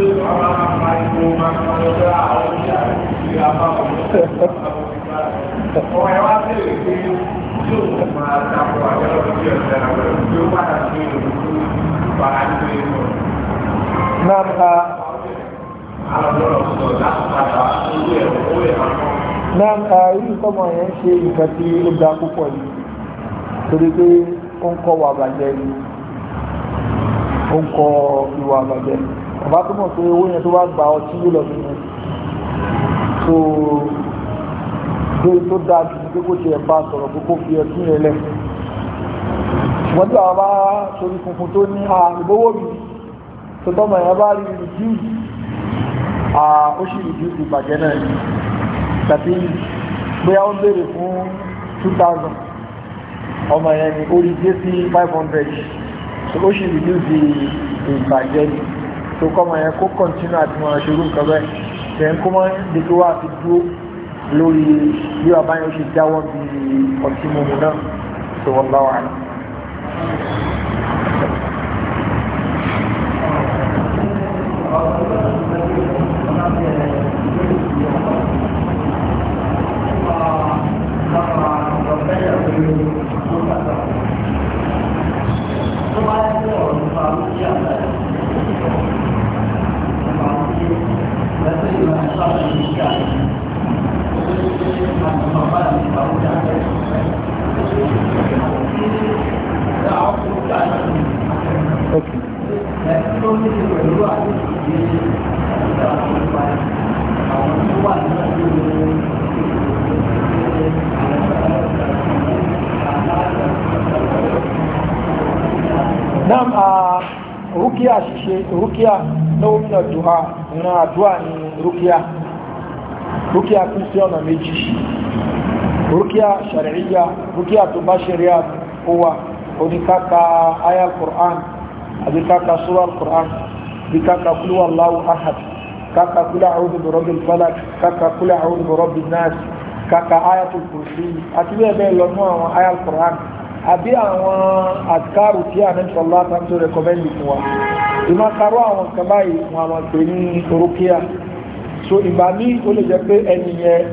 Nàbà irú sọ́mọ yẹn ṣe nǹkan tí ó ga púpọ̀ yìí torí pé ó ń kọ́ wà bàjẹ́ ni ó ń kọ́ ìwà bàjẹ́ ni bàbá tó mọ̀ pé owó yẹn tó wá gba ọtí yóò lọ nìyẹn tó lórí tó dáa jù ní pé kó ṣe ẹ̀bá sọ̀rọ̀ pé kó fi ẹ̀tún yẹn lẹ̀ ṣùgbọ́n tí àwọn bá sori funfun tó ní a ìgbówó mi tó tọ́mọ yẹn bá rí rìdíù a ó sì rìdíù ti bàjẹ́ náà yìí tàbí bóyá ó béèrè fún two thousand ọmọ yẹn ni ó rí dé sí five hundred ó sì rìdíù ti ìbàjẹ́ yìí tó kọ́ máa yẹn kó kọ́ntínú àti máa ṣerú nǹkan bẹ́ẹ̀ tẹ̀ ń kó máa di kí wàá fi dúró lórí bí wàá báyọ̀ ṣe jáwọ́ bí ọtí mímu náà tó wọ́n bá wà ní. Thank نعم ركيا شيء ركيا نوع من الدعاء ìran àdúrà ní rúkíà rúkíà kún sí ọ̀nà méjì rúkíà ṣàríyà rúkíà tó bá ṣẹ̀ríà ó wà oníkàkà aya Qur'an àbí kàkà sura Qur'an bí kàkà kúlù Allahu ahad kàkà kúlù a'udhu bi rabbil falaq kàkà kúlù a'udhu nas kàkà ayatul kursi àti bẹ́ẹ̀ bẹ́ẹ̀ lọ mú àwọn aya Qur'an àbí àwọn àdìkárù tí a ní sọ̀lá tàbí tó ìmọ̀ karọ́ àwọn nǹkan báyìí wọn àwọn pè ní orúkíà so ìgbà míì ó lè jẹ́ pé ẹni yẹn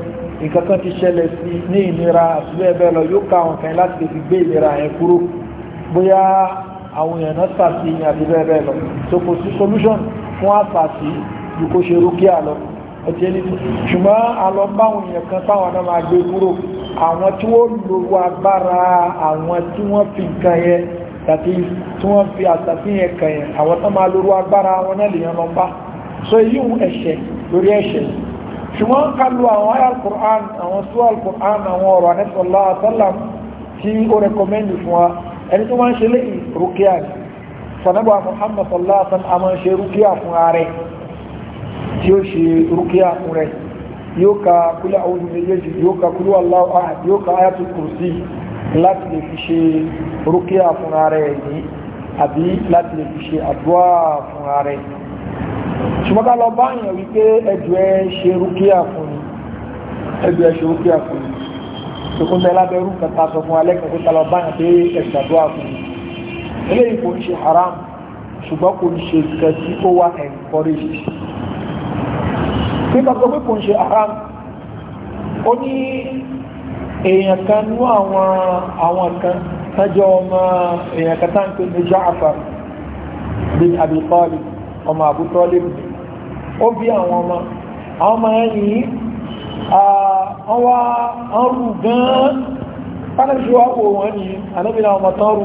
nǹkan kan ti ṣẹlẹ̀ sí ní ìnira àti bẹ́ẹ̀ bẹ́ẹ̀ lọ yóò ka àwọn kan láti fi gbé ìnira yẹn kúrò bóyá àwọn èèyàn náà sàtì ní àti bẹ́ẹ̀ lọ so kò sí solution fún àsàtì ju kó ṣe rúkíà lọ ọtí ẹni ṣùgbọ́n àlọ́ báwọn èèyàn kan táwọn náà máa gbé kúrò àwọn tí wọ́n lo agbára àwọn tí wọ́n fi nǹkan yẹn tàbí tí wọ́n fi àtàfihàn ẹ̀kàn yẹn àwọn tó máa lóru agbára wọn náà lèèyàn lọ bá so èyí ń ẹ̀ṣẹ̀ lórí ẹ̀ṣẹ̀ ṣùgbọ́n ká lu àwọn ayé alukur'an àwọn sú alukur'an àwọn ọ̀rọ̀ anẹ́sọ̀lá àtọ́là tí ó rẹkọmẹ́ndì fún wa ẹni tó máa ń ṣe léyìn rúkìá ni sanabu muhammad sallallahu alaihi wasallam a máa ń ṣe rúkìá fún ààrẹ tí ó ṣe rúkìá fún rẹ yóò ka kúlẹ̀ àwọn olùdíje yóò ka kúlẹ̀ aláwọ̀ yóò ka ayatul kursi láti lè fi ṣe rúkíà fún ara ẹ̀ ní àbí láti lè fi ṣe àdúrà fún ara ẹ̀ ṣùgbọ́n ká lọ bá yàn wípé ẹjù ẹ ṣe rúkíà fún ni ẹjù ẹ ṣe rúkíà fún ni tòkún tẹ lábẹ́rú kẹta sọ fún alẹ́ kẹta ká lọ bá yàn pé ẹjù haram ṣùgbọ́n kò ń ṣe nǹkan tí ó wá encouraged pé ká sọ pé kò haram ó èèyàn kan nú àwọn àwọn kan tájọ ọmọ èèyàn kan táǹkì ní Ja'far bin Abi Talib ọmọ Abu Talib ó bí àwọn ọmọ àwọn ọmọ yìí àwọn rù gan-an pàtàkì wọ́n ní anábìnà ọmọ tán rù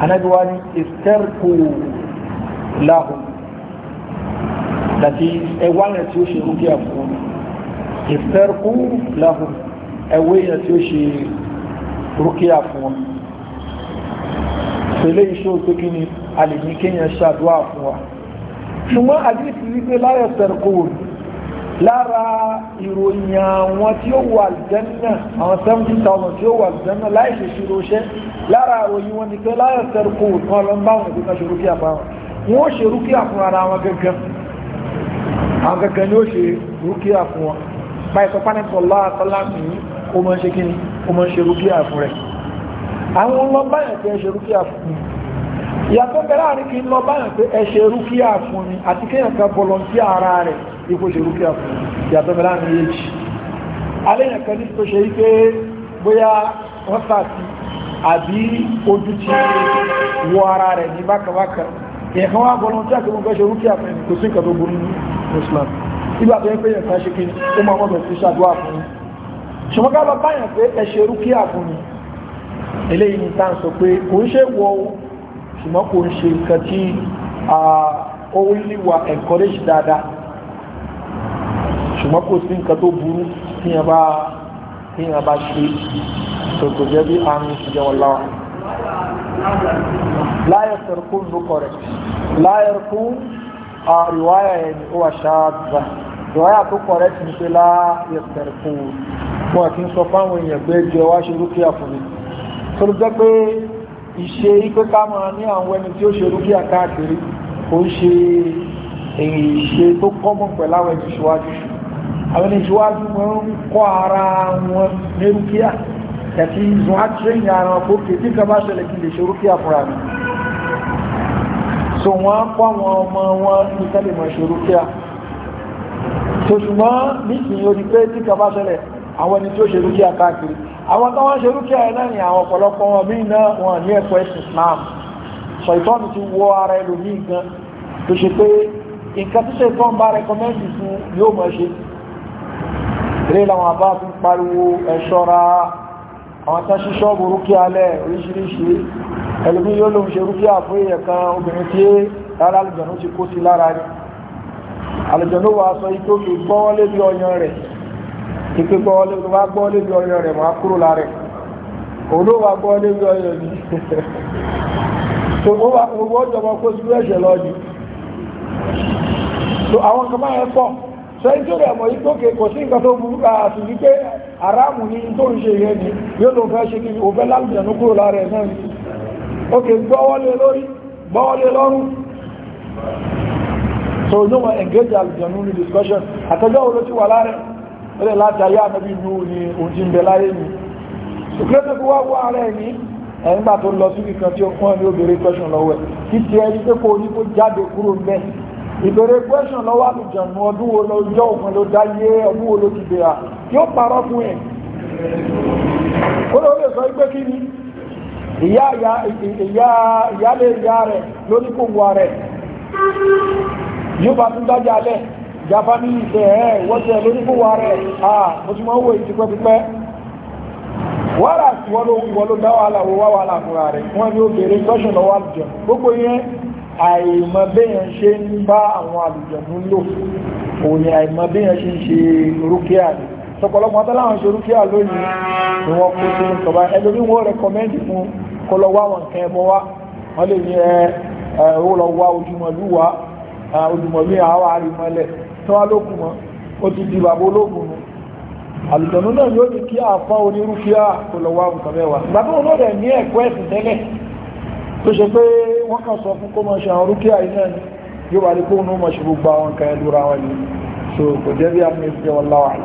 anabiwa ni isterku lahu that is ẹwà yẹn tí ó ṣe rúkí àfún isterku lahu ẹwà yẹn tí ó ṣe rúkí àfún pẹ̀lẹ́ iṣẹ́ pé kí ni a lè ní kéèyàn ṣàdúrà fún wa ṣùgbọ́n àdíṣì wípé láyọ̀ sẹ̀rkùn lára ìròyìn àwọn tí ó wà àlùjànnà àwọn 70,000 tí ó wà àlùjànnà láìsí ṣírò iṣẹ́ lára ìròyìn wọn ni pé láyọ̀ tẹ́rùkù kan lọ ń bá wọn ìgbìkan ṣerú kí àbá wọn wọ́n ṣe rúkíà fún ara wọn gangan àwọn gangan ni ó ṣe rúkíà fún wọn báyìí sọ pánẹ́ sọ láàtọ́lá ní ó mọ́ ṣe kíni ipò ṣe rúkìá fún ìyàtọ̀ mẹ́lá ní èjì aléyàn kan ní tó ṣe wípé bóyá wọ́n sàtì àbí ojú ti wọ ara rẹ̀ ní bákàbákà ẹ̀kan wá gbọ́nà tí àti mọ́gbẹ́ ṣe rúkìá fún kò sí nǹkan tó burú ní Islam nígbà tó yẹ pé yẹn kan ṣe kí ó máa mọ́bẹ̀ sí ṣàdúrà fún mi ṣùgbọ́n ká lọ báyàn pé ẹ fún mi eléyìí ní tán sọ pé kò ń ṣe wọ ṣùgbọ́n kò ń ṣe nǹkan tí ó wíwà encourage dáadáa ṣùgbọ́n kò sí nǹkan tó burú tí yẹn bá tí yẹn bá ṣe tòkò jẹ́ bí àrùn ìṣìjẹ́ wọn láwọn. láyọ̀ ló kọ̀ rẹ̀ láyọ̀ àríwáyà yẹn ni ó wà ṣáàbà ìwáyà tó kọ̀ rẹ̀ ti ń pe láyọ̀ sẹ̀rùkún wọn kì í sọ fáwọn èèyàn pé jẹ́ wá ṣe rúkìá fún mi àwọn ìṣíwájú wọn ń kọ́ ara wọn ní rúkíà ẹ̀tí ìzùn á tírẹ́yìn ara wọn kókè tí kan bá ṣẹlẹ̀ kí lè ṣe rúkíà fúnra mi so wọ́n á kọ́ àwọn ọmọ wọn ní tẹ́lẹ̀ mọ̀ ṣe rúkíà so ṣùgbọ́n nísìnyí o ní pé tí kan bá ṣẹlẹ̀ àwọn ẹni tó ṣe rúkíà káàkiri àwọn tó wọ́n ṣe rúkíà ẹ̀ náà ni àwọn ọ̀pọ̀lọpọ̀ wọn míì náà wọn ní ẹ̀kọ́ ẹ̀sìn Islam sọ ìtọ́nù ti wọ ara ẹlòmíì gan tó ṣe pé nǹkan tó ṣe tán bá rẹkọmẹ́ndì fún yóò mọ̀ ṣe ilé làwọn àbá fi ń pariwo ẹ̀ṣọ́ra àwọn tán ṣí ṣọ́ọ̀bù rúkíà lẹ̀ oríṣiríṣi ẹlòmí yóò lóun ṣe rúkíà fún èèyàn kan obìnrin tí rárá àlùjọ̀nú ti kó sí lára ni àlùjọ̀nú wa sọ ikú fi gbọ́wọ́ lébi ọyàn rẹ̀ ikú gbọ́wọ́ lébi ọyàn rẹ̀ máa kúrò lára rẹ̀ òun ló wà gbọ́wọ́ lébi ọyàn ni owó jọmọ kó sí ẹ̀ṣẹ̀ lọ́ọ̀dì so àwọn kan máa ń pọ̀ sọ ẹjọ́ rẹ̀ mọ̀ yìí tókè kò sí nǹkan tó burú ká àti wípé aráàmù ní tó ń ṣe yẹn ni yóò ló fẹ́ ṣe kí o fẹ́ lálùjẹ̀nú kúrò lára ẹ̀ náà ni ókè gbọ́wọ́lé lórí gbọ́wọ́lé lọ́rùn so no ma engage alùjẹ̀nú ní discussion àtẹjọ́ wo ló ti wà lára ẹ̀ láti ayé ànábì inú ni òun ti ń bẹ láyé ni ìkúrẹ́tẹ̀ kó wá wọ ara ẹ̀ ní ẹ̀yìn gbà tó lọ sí nìkan tí ó kún ẹ̀ ní obìnrin question lọ́wọ́ ẹ̀ kí ti ẹni pé kó o ní kó jáde ìbẹ̀rẹ̀ question lọ́wọ́ àlùjọ̀nù ọdún wo lọ́jọ́ òfin ló dáyé ọdún wo ló ti bẹ̀rẹ̀ yóò parọ́ fún ẹ̀ ó lórí sọ pé kí ni ìyáálé ìyá rẹ̀ lórí kòwò rẹ̀ yóò bá tún dájà alẹ́ ìjàpá ní ìfẹ́ ẹ̀ wọ́sẹ̀ lórí kòwò rẹ̀ à mo ti máa ń wo èyí ti pẹ́ pípẹ́ wọ́n ló dáwà àlàwọ̀ wáwà àlàmúra rẹ̀ wọ́n ni ó bèèrè question lọ́wọ́ àlùjọ̀nù gbogbo yẹn àìmọ̀ béèyàn ṣe ń bá àwọn àlùjọ̀nú lò òun ni àìmọ̀ béèyàn ṣe ń ṣe rúkíà ni sọpọlọpọ tó láwọn ṣe rúkíà lónìí ni wọn kó sí ìtọba ẹlòmí wọn rẹkọmẹndì fún kó lọ wá wọn kẹ ẹbọ wá wọn lè ní ẹ tó ṣe pé wọ́n kàn sọ fún kó mọ̀ ṣe àwọn rúkí àìsàn ni yóò wà ní kóhùn ó mọ̀ ṣe gbogbo àwọn kan ẹlúra wọn ni so kò jẹ́ bí àmì ìfẹ́ wọn láwàá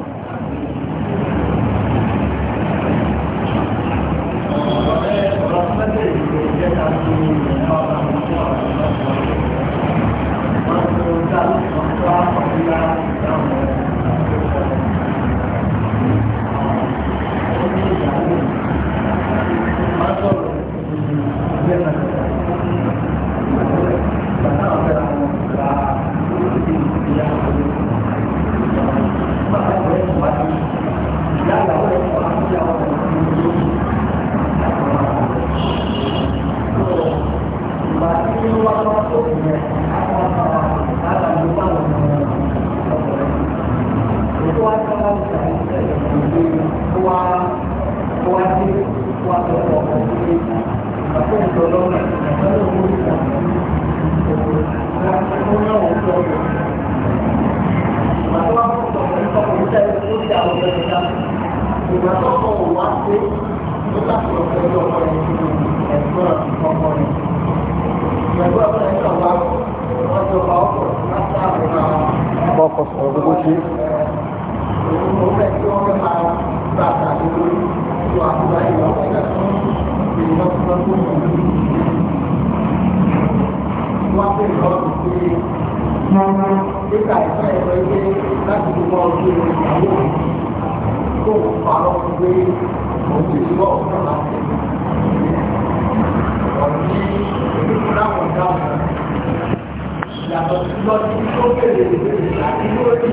Yàtọ̀ sí lọ́dún tó bèèrè ìbéèrè àti lórí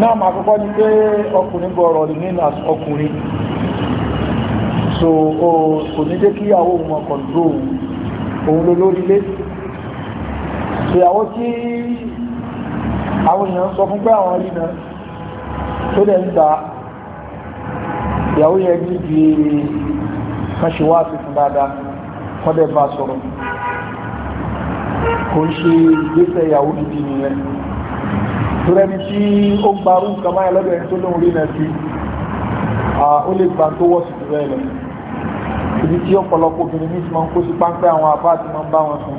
náà máa kọ́kọ́ ní pé ọkùnrin gbọ́rọ̀ remain as ọkùnrin so kò ní jẹ́ kí àwọn ohun òun ló lórí ilé ìyàwó tí àwọn èèyàn sọ fún pé àwọn rí náà tó dẹ̀ ń ta ìyàwó yẹn ní ibi kan ṣe wá sí fún dáadáa wọ́n dẹ̀ bá sọ̀rọ̀ kò ń ṣe ìgbésẹ̀ ìyàwó gidi nìyẹn lórí tí ó gbarú nǹkan máa lọ́dọ̀ ẹni tó lóun rí náà sí ó lè gbà tó wọ́ sí jù bẹ́ẹ̀ ibi tí ọ̀pọ̀lọpọ̀ obìnrin ní ti máa ń kó sí páńpẹ́ àwọn àbá àti máa ń bá wọn sùn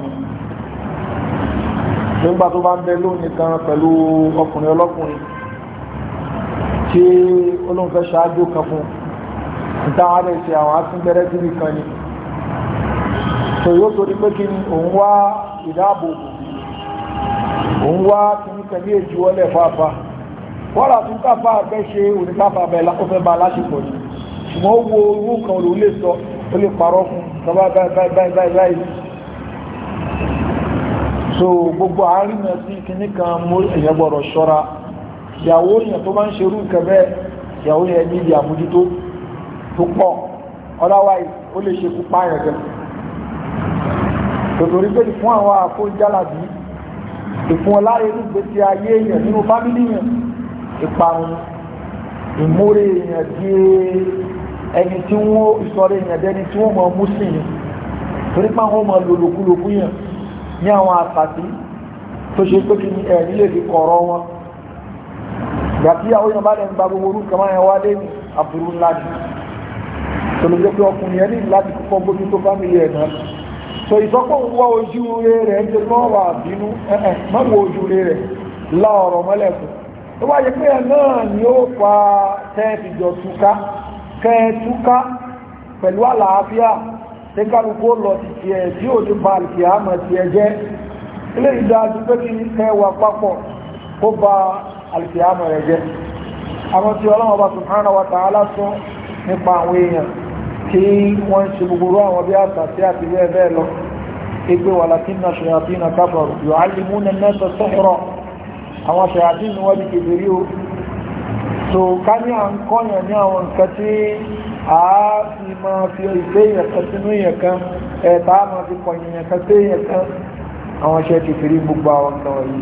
nígbà tó bá ń bẹ lónìí kan pẹ̀lú ọkùnrin ọlọ́kùnrin tí olóńfẹ́ ṣáájú kan fún ìtàwọn rẹ̀ ṣe àwọn atúngbẹ́rẹ́ síbi kan ni tó yóò torí pé kí ni òun wá ìdáàbòbò òun wá kìíní kan ní èjì wọlé fàáfà wọ́lá tún káfà fẹ́ ṣe oníkáfà bẹ̀ ó fẹ́ bá láṣepọ̀ ni ṣùgbọ́n ó wo orú kan ló lè sọ ó lè parọ́ fún tọ́bá báyìí so gbogbo àárín náà sí kìíní kan mú èyàn gbọ́dọ̀ ṣọ́ra ìyàwó èyàn tó bá ń ṣerú nǹkan bẹ́ẹ̀ ìyàwó yẹn ní ibi àmójútó tó pọ̀ otherwise ó lè ṣe pupa yẹn gẹ̀ tòtòrí pé fún àwọn àfójálàbí ìfún ọláyé ní gbèsè ayé èyàn nínú fámílì ìparun ìmúre èyàn díẹ̀ ẹni tí wọ́n ìsọ̀rọ̀ èèyàn dẹni tí wọ́n mọ muslim torí pé àwọn ọmọ lòlòkulòkú yàn ní àwọn àpàtì tó ṣe pé kí ẹ̀rí lè fi kọ̀rọ̀ wọn gbàtí àwọn èèyàn bá dẹ̀ ń gba gbogbo orúkọ máa yẹn wá dé ní àbúrú ńlá ni tòlójẹ́ pé ọkùnrin ẹni láti kọ́kọ́ bójú tó fámìlì ẹ̀ náà so ìsọ́pọ̀ ń wá ojú rẹ̀ ń tẹ́ mọ́ wà bínú ẹ̀ẹ̀ má wo ojú rẹ̀ lá ọ̀rọ̀ mọ́lẹ̀kùn tó wáyé pé ẹ̀ náà ni ó fa tẹ́ẹ̀fì jọ túká kẹ́ẹ̀túká pẹ̀lú àlàáfíà tí kálukó lọ ti ti ẹ̀ tí ò ní bá ti àmà ti ẹ jẹ́ ilé ìdájú pé kí kẹwà papọ̀ kó bá àti àmà rẹ̀ jẹ́ àwọn tí ọlọ́wọ́ bá subhanahu wa ta'ala sún nípa àwọn èèyàn tí wọ́n ń ṣe gbogbo so ká ní à ń kọ́yàn ní àwọn nǹkan tí a fi máa fi ìfẹ́ ìyẹ̀kan sínú ìyẹ̀kan ẹ̀ta máa fi kọ̀yìn ìyẹ̀kan sí ìyẹ̀kan àwọn ṣe ti fi gbogbo àwọn nǹkan wọ̀nyí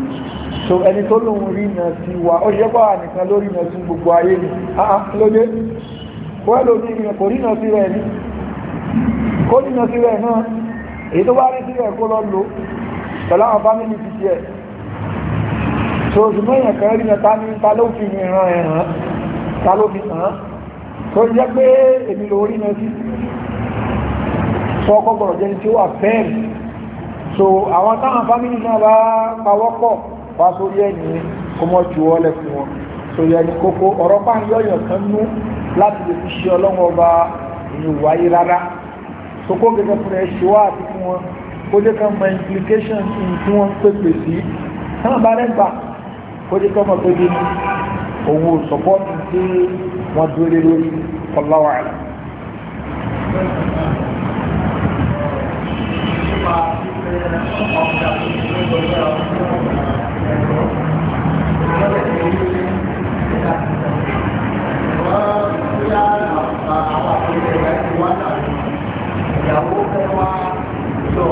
so ẹni tó lóun rí iná sí wa ó ṣe bá nìkan lórí iná sí gbogbo ayé ni ah lóde wọ́n lò ní ìrìn kò rí iná sí rẹ̀ ní kó rí iná sí rẹ̀ náà èyí tó bá rí sí rẹ̀ kó lọ lò pẹ̀lú àwọn fámìlì ti tiẹ̀ so ṣùgbọ́n èèyàn kan rí ẹta ní ta ló fi mi ran ẹ̀ràn ta ló fi hàn tó jẹ́ pé èmi ló rí náà sí sọ ọkọ̀ jẹ́ tí ó wà fẹ́ẹ̀mì so àwọn táwọn fámìlì náà bá pawọ́pọ̀ wá sórí ẹ̀yìn kó mọ́ ju ọlẹ̀ fún wọn so yẹ ní kókó ọ̀rọ̀ pa ń yọ̀yàn kan nú láti lè fi ṣe ọlọ́wọ́ ọba ìlú wáyé rárá so kó gẹ́gẹ́ fún ẹ ṣe wá àti fún wọn kó jẹ́ kan mọ implication tí wọ́n pèpè sí táwọn bá rẹ̀ gbà kódé kọ́ mọ̀ pé bí owó sọ́pọ́tù tí wọ́n dúró lórí ọláwà rẹ̀. Ìyàwó fẹ́ wá lọ,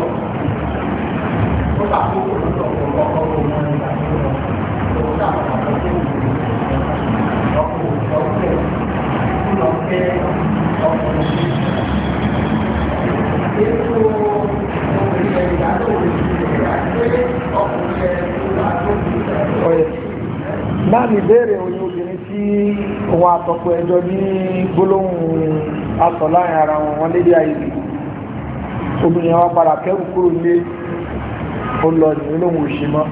ó bá kókò lọ́sọ̀kọ̀ lọ́kọ̀ọ́ láàrin ìbéèrè oyin obìnrin tí òun àtọ̀pọ̀ ẹjọ́ ní gbólóhùn asọ̀ láàrin ara wọn wọn lédè àìlè obìnrin wa padà kẹ́rù kúrò nílé ó lọ ìrìnlóhùn òṣèmọ́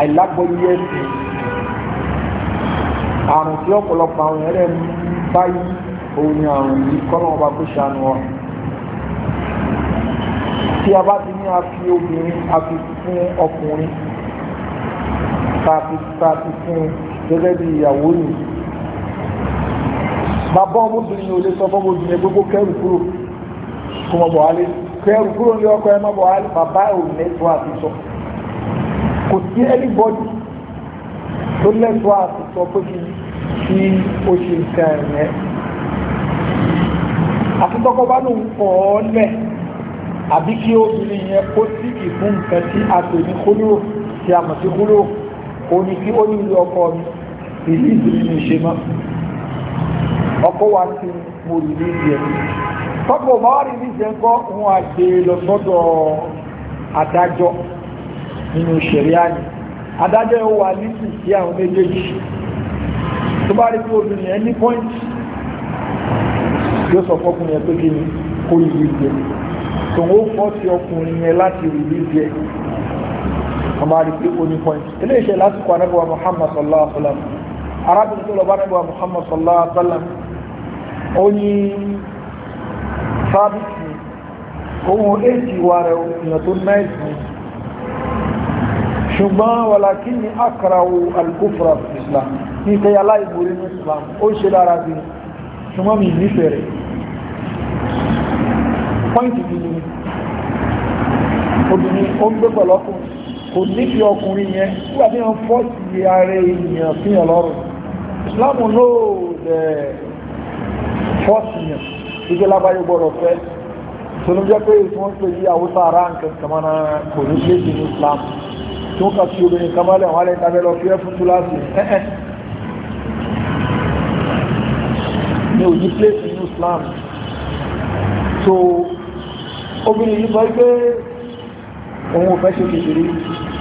àìlágbóyé ẹ̀sìn àrùn tí ọ̀pọ̀lọpọ̀ àwọn èèyàn rẹ̀ ń báyìí òun ni àrùn yìí kọ́lọ́wọ́n bá kó ṣàánú wa tí a bá ti ní a fi obìnrin a fi fún ọkùnrin ta fi ta fi fún gẹ́gẹ́ bí ìyàwó ni bàbá ọmọbìnrin ò lè sọ fọmọbìnrin gbogbo kẹrù kúrò kó mọ bọ̀ wálé kẹrù kúrò ní ọkọ ẹ mọ bọ̀ wálé bàbá ò lẹ́tọ́ àti sọ. So kò sí anybody tó lẹ́tọ́ àti sọ pé kí kí ó ṣe nǹkan rẹ̀ àtúntọ́kọ́ bá lòun kọ̀ ọ́ lẹ̀ àbí kí obìnrin yẹn kó sí ìfún nǹkan tí a pè ní kólóró tí a mọ̀ sí kólóró ó ní kí ó ní ilé ọkọ mi ìlú ìdílé mi ṣe mọ́ ọkọ wa ti mo rí ní ìdí ẹ̀ tọ́pọ̀ bá wà rí ní ìjẹ́ńkọ́ wọn àgbè e lọ sọ́dọ̀ adájọ́ nínú ṣẹ̀ríà ni adájọ́ yóò wà nísì sí àwọn méjèèjì tó bá rí pé obìnrin yẹn ní pọ́ìntì yóò sọ fọkùnrin yẹn pé kí ni kó yìí jẹ tòun ó fọ́ sí ọkùnrin yẹn láti rí ní jẹ ọmọ àdìpé oní pọ́ìntì ilé iṣẹ́ lásìkò anábọ̀wá Muhammad sallallahu alaihi wa sallam arábìnrin tó lọ bá anábọ̀wá Muhammad sallallahu alaihi wa sallam ó ní sábìtì ohun èjì wa rẹ̀ òyìnbó náà ìsìn ṣùgbọ́n wàlákínní akarawo alkufra islam ní ìtẹ́yà aláìborí ní islam ó ṣe lára bí ṣùgbọ́n mi nífẹ̀ẹ́ rẹ̀ pọ́ìntì bí ní obìnrin ó ń gbé pẹ̀lú ọkùnrin kò ní fi ọkùnrin yẹn nígbà tí wọ́n fọ́ sí ara èèyàn fi hàn lọ́rùn islam ló dẹ̀ fọ́ sí yẹn ìgbé lábáyé gbọ́dọ̀ fẹ́ tó pé ìfún pé yí àwòsàn nǹkan kan mọ́ra kò ní ṣe é tó ń kà sí obìnrin kan mọ́lẹ̀ wọ́n lè tàbẹ́ lọ fi ẹ́ fún túláàsì ẹ̀ẹ́ ní òyí pléṣì ní Islam so obìnrin yìí sọ pé òun ò fẹ́ ṣe kékeré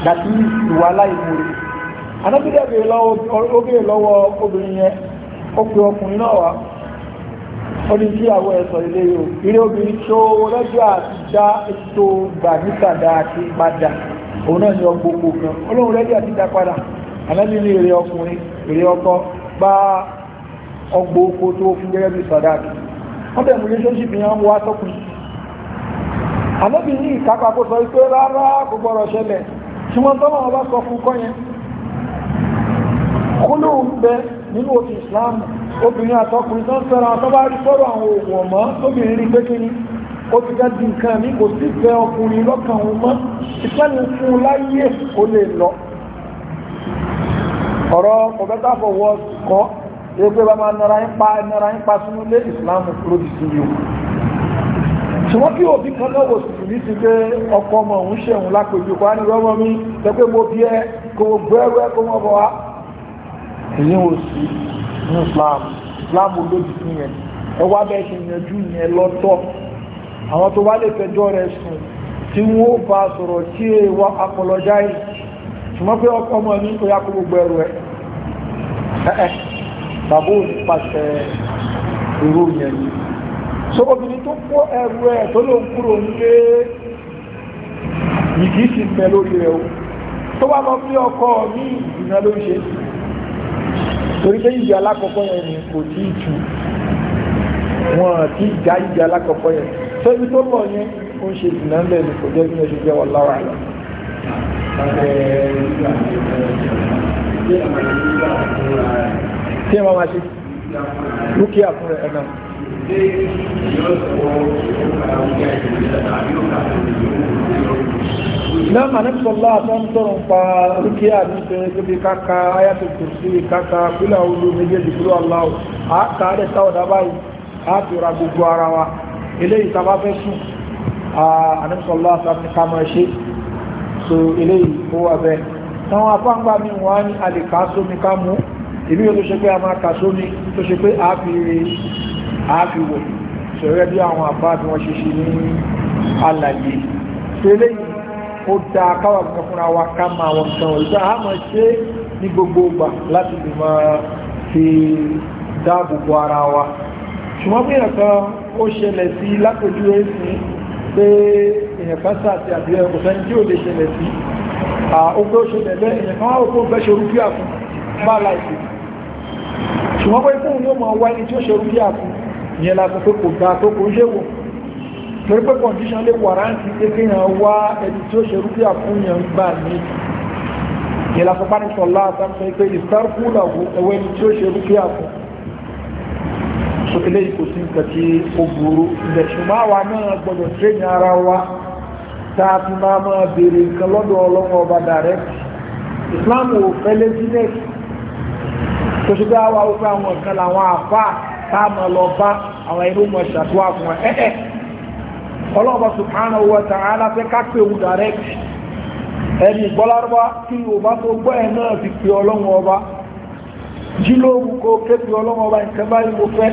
dàbí ìwà aláìmúre anábídẹ́bẹ̀ lọ́wọ́ obìnrin yẹn ó pe ọkùnrin náà wá ó ní kí àwọn ẹ̀sọ̀ ilé yóò eré obìnrin tó lọ́jọ́ àti dá ètò gbà níta dáa ti padà òun náà ni ọgbọ́ gbogbo kan ọlọ́run rẹ́dí àti dá padà anábì ní èrè ọkùnrin èrè ọkọ bá ọgbọ́ tó fún gẹ́gẹ́ bí sọ̀dáàkì wọ́n rárá nínú Islam obìnrin àtọkùnrin tó ń ó ti dá di nǹkan mi kò sí fẹ́ ọkùnrin lọ́kàn òun mọ́ ìfẹ́ni fún un láyé ó lè lọ ọ̀rọ̀ kọ̀bẹ́tà fọwọ́ kọ́ ẹ pé bá máa nara ń pa nara ń pa sínú lé ìsìláàmù lòdì sí yìí o ṣùgbọ́n kí òbí kan náà wò sì ní ti pé ọkọ ọmọ òun ṣẹ̀hún lápèjú kó á rọ́mọ mi lẹ́pẹ́ mo bí ẹ kó mo gbọ́ ẹrú ẹ kó mọ́ bọ́ wá èyí ò sí ní Islam Islam lòdì sí yẹn ẹ wá bẹ́ẹ̀ ṣe yanjú yẹn lọ́tọ̀ àwọn tó wá lè fẹjọ́ rẹ̀ sùn tí wọ́n bá sọ̀rọ̀ tí è wá apologize ṣùgbọ́n pé ọkọ̀ ọmọ ní kò yá kó gbogbo ẹrù ẹ̀ ẹ̀ẹ́ tàbí ò ní pàṣẹ irú yẹn ni so obìnrin tó kó ẹrù ẹ̀ tó ló ń kúrò nílé yìí sì mẹ lórí rẹ̀ o tó wá lọ sí ọkọ ní ìdìnnà ló ṣe torí pé ìjà alákọ̀ọ́kọ́ yẹn kò tí ì tu wọn kì í já ìjà alákọ̀ọ́kọ́ yẹn sẹ́bi tó lọ yẹn ó ń ṣe ìdìnnà ń bẹ̀rẹ̀ kò jẹ́ bí wọ́n ṣe jẹ́ wọn lára rẹ̀. tí ẹ máa ma ṣe dúkìá fún rẹ̀ ẹ̀nà. náà mànẹ́sọ̀lá àtọ́ntọ́rùn pa dúkìá ní ṣe tóbi káka ayáto kùsí káka kúlà olú méjèèjì kúlọ̀ aláwọ̀ àkàrẹ̀ sáwọ̀dá báyìí àti ra gbogbo ara wa eléyìí tàbá fẹ́ sùn àníṣọ́lá tàbí ká máa ṣe so eléyìí ó wà bẹ́ẹ̀ táwọn apáǹgbà mi wọ́n á ní alìkà sómi ká mú ìlú yóò tó ṣe pé a máa kà sómi tó ṣe pé àáfíwò ṣẹ̀rẹ́ bí àwọn àbá bí wọ́n ṣe ṣe ní alàyè so eléyìí ó da káwà gbogbo fúnra wa ká máa wọn tán ìgbà a máa ṣe ní gbogbo ìgbà láti lè máa fi dáàbò bo ara wa ṣùgbọ́n bí ẹ̀kan ó ṣẹlẹ̀ sí lápòjú ẹ̀sìn pé èèyàn kan sáàtì àbí ẹ̀kọ́ sẹ́ni tí ó lè ṣẹlẹ̀ sí ó pé ó ṣẹlẹ̀ bẹ́ èèyàn kan ó kó fẹ́ ṣe orúkí àfún bá láìsí ṣùgbọ́n pé fún yóò máa wá tí ó ṣe orúkí àfún ìyẹn la sọ pé kò gbà tó kò ń ṣe wò torí pé condition lè wàrántì pé kí èèyàn wá ẹni tí ó ṣe orúkí àfún yẹn gbà ní ìyẹn la sọ pé ní sọlá àtàkùn pé tí ó ṣe orúkí àfún sókèlè kò sí nǹkan tí ó burú ilẹ̀ ṣùgbọ́n àwa náà gbọ́dọ̀ tréní ara wa tá a fi máa máa béèrè nǹkan lọ́dọ̀ ọlọ́run ọba direct Islam ò fẹ́ laziness tó ṣe pé àwa ó fẹ́ àwọn nǹkan làwọn àfa tá a máa lọ bá àwọn ẹni ó mọ ṣàtúwà fún ẹ ẹ ọlọ́ọ̀bá subhanahu wa ta'ala fẹ́ ká pé òun direct ẹni ìgbọ́lárúbá kí Yorùbá tó gbọ́ ẹ̀ náà ti pè ọlọ́run ọba jí lóòrùn kó kéfì ọlọ́mọba nǹkan báyìí mo fẹ́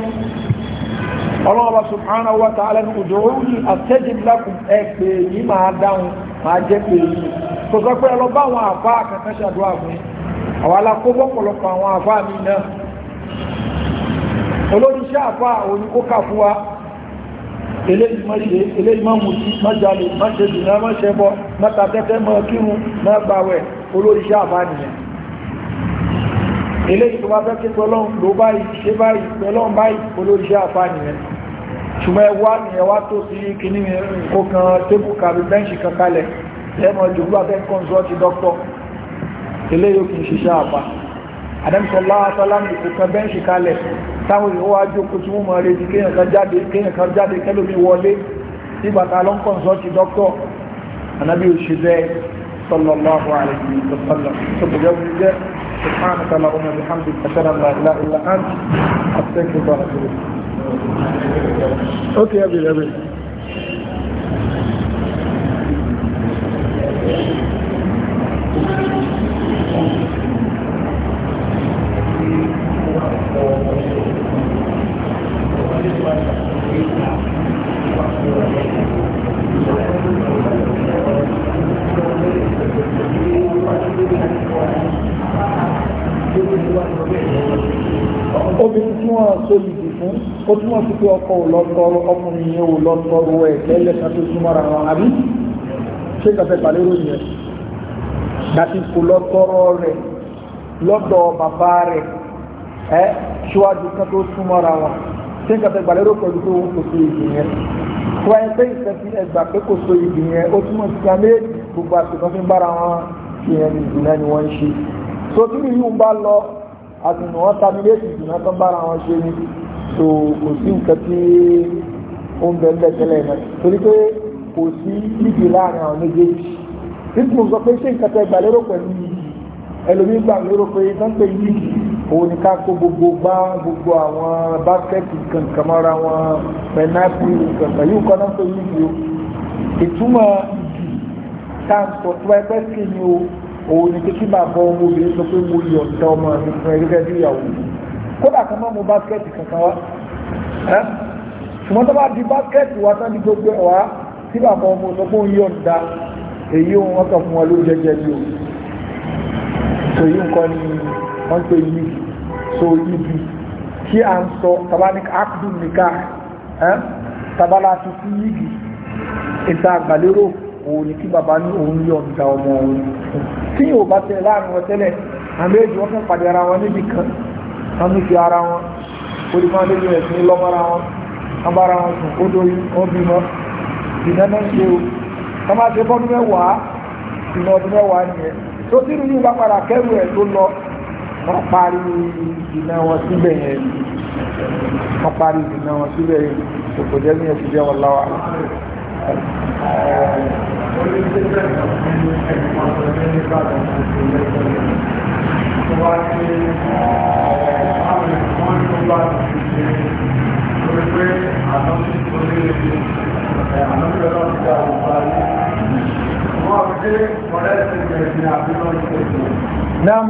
ọlọ́mọba subhanahu wa ta'ala ní ud'uni astajib lakum ẹ pé yìí máa dáhùn máa jẹ́ pé yìí kò sọ pé ọlọ́ba àwọn àfa kankan ṣàdúrà fún yìí àwọn alákóbọ̀ pọ̀lọpọ̀ àwọn àfa mi náà olóríṣẹ́ àfa òní kó fún wa eléyìí má ṣe eléyìí má mutí má jalè má ṣe dùnà má ṣẹbọ má ta tẹ́tẹ́ má kírun má gbàwẹ̀ olóríṣẹ́ àfa nìyẹn eléyìí tó bá fẹ́ kí tọ́lọ́hún ló báyìí ṣe báyìí tọ́lọ́hún báyìí olóríṣẹ́ àfá nìyẹn ṣùgbọ́n ẹwà nìyẹn wá tó sí kíní kó kan tébù kàbí bẹ́ǹṣì kan kalẹ̀ lẹ́mọ̀ ìjòkú abẹ́ kọ́ńsọ́ọ̀tì dọ́kítọ̀ eléyìí kì í ṣiṣẹ́ àfá àdẹ́mùsọ̀lá àtọ́lámì kò kan bẹ́ǹṣì kalẹ̀ táwọn ìwọ́ wá jókòó tí wọ́n mọ̀ retí kéèyàn kan jáde kéèyàn kan jáde kẹ́lómi wọlé nígbà tá a jẹ́ سبحانك اللهم وبحمدك أشهد أن لا إله إلا أنت أستغفرك وأتوب إليك أوكي أبي أبي ó túmọ̀ sí pé ọkọ ò lọ tọrọ ọkùnrin yẹn ò lọ tọrọ ẹ̀ tẹ́lẹ̀ kan tó súnmọ́ra wọn àbí ṣé kàfẹ́ pàlérò yẹn dàbí kò lọ tọrọ rẹ̀ lọ́dọ̀ bàbá rẹ̀ ẹ́ ṣíwájú kan tó súnmọ́ra wọn ṣé kàfẹ́ pàlérò pẹ̀lú tó kò so ìdì yẹn tó ẹ pé ìfẹ́ sí ẹgbà pé kò so ìdì yẹn ó túmọ̀ sí ká méjì gbogbo àtìkọ́ fi ń bára wọn fi hàn ìdùnnà ni wọ́n ń ṣe so yìí ń bá lọ àtùnú wọn ta méjèèjì ìdùnnà tó ń bára wọn ṣe ni tó kò sí nǹkan tí ó ń bẹ ńlẹ̀ tẹ́lẹ̀ náà torí pé kò sí yíyí láàrin àwọn méjèèjì títí mo sọ pé ṣé nǹkan tẹ́ gbà lérò pẹ̀lú yìí ẹlòmíín gbà lérò pé tán yìí òun ni ká kó gbogbo gbá gbogbo àwọn báskẹ́ẹ̀tì kankan mọ́ra wọn pẹ̀nápù kankan yìí nǹkan náà pé yìí o ìtumọ̀ ìdì tá à sọ tó ẹgbẹ́ sí ni o òun ni kíkí bàbá ọmọ obìnrin sọ pé mo yọ̀ǹda ọmọ mi fún ẹgbẹ́ gẹ́gẹ́ bí ìyàwó kódà kan máa mú báskẹ́ẹ̀tì kankan wá ṣùgbọ́n tó bá di báskẹ́ẹ̀tì wá tán ní gbogbo ẹ̀ wá tí bàbá ọmọ sọ pé òun yọ̀ǹda èyí òun wọ́n kàn fún wọn ló jẹjẹ bí o so yìí nǹkan ni wọ́n pe yìí so ibi tí a ń sọ tabani akdun nìka tabalá tuntun yìí ìta àgbàlérò òun ni kí bàbá ní òun yọ̀ǹda ọmọ òun tí yóò bá tẹ̀ láàrin wọn tẹ́lẹ̀ àmì èjì wọn kàn pàdé ara wọn níbi kan wọn ní fi ara wọn olùkọ́ àti ìrìn ẹ̀sìn lọ́mọ́ra wọn abára wọn sùn ó dórí wọn bímọ ìdáná ṣe o wọn máa ṣe fọ́dún mẹ́wàá ìmọ̀ ọdún mẹ́wàá nìyẹn tó tí ìrìn yìí bá padà kẹ́rù ẹ̀ tó lọ wọ́n parí ìdìnnà wọn síbẹ̀ yẹn wọ́n parí ìdìnnà wọn síbẹ̀ yẹn kò jẹ́ bí ẹ̀ ti jẹ́ wọn láwa náà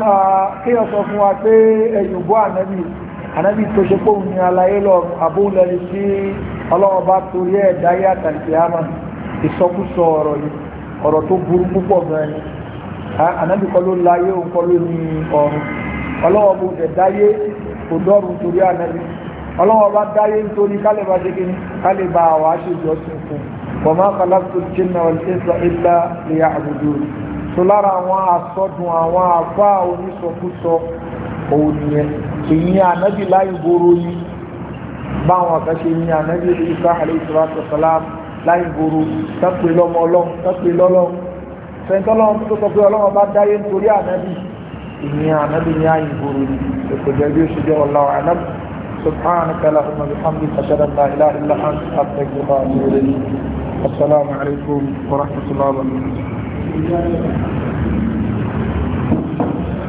ah, kí ọ sọ fún wa pé ẹ̀yùnbó ànábì ànábì tó ṣe pé ni alayé lọ àbóhùn lẹ́ni sí ọlọ́wọ́ bá torí ẹ̀ dáyé àtàkìyàmà ìsọkúsọ ọ̀rọ̀ yìí ọ̀rọ̀ tó burú púpọ̀ gan ni ànábì ló láyé òun ló ní ọ̀run ọlọ́wọ́ bó dáyé kò torí ànábì ọlọ́wọ́ dáyé nítorí àwọn aṣèjọ sí fún ma khalaqtu al-jinna wal-insa tó lára àwọn àwọn àfáà òun ànábì láyé yìí báwọn kan ṣe ní ànábì Isa alayhi salatu salam láì gbòòrò tẹ́pẹ́ lọ́mọ ọlọ́run tẹ́pẹ́ lọ́lọ́run fẹ́ntọ́ lọ́run tó sọ pé ọlọ́run bá dáyé nítorí ànábì ìyẹn ànábì ní àyè gbòòrò ni ètò jẹ́ bí ó ṣe jẹ́ wallahu a'lam سبحانك اللهم وبحمدك اشهد ان لا اله الا انت استغفرك واتوب اليك السلام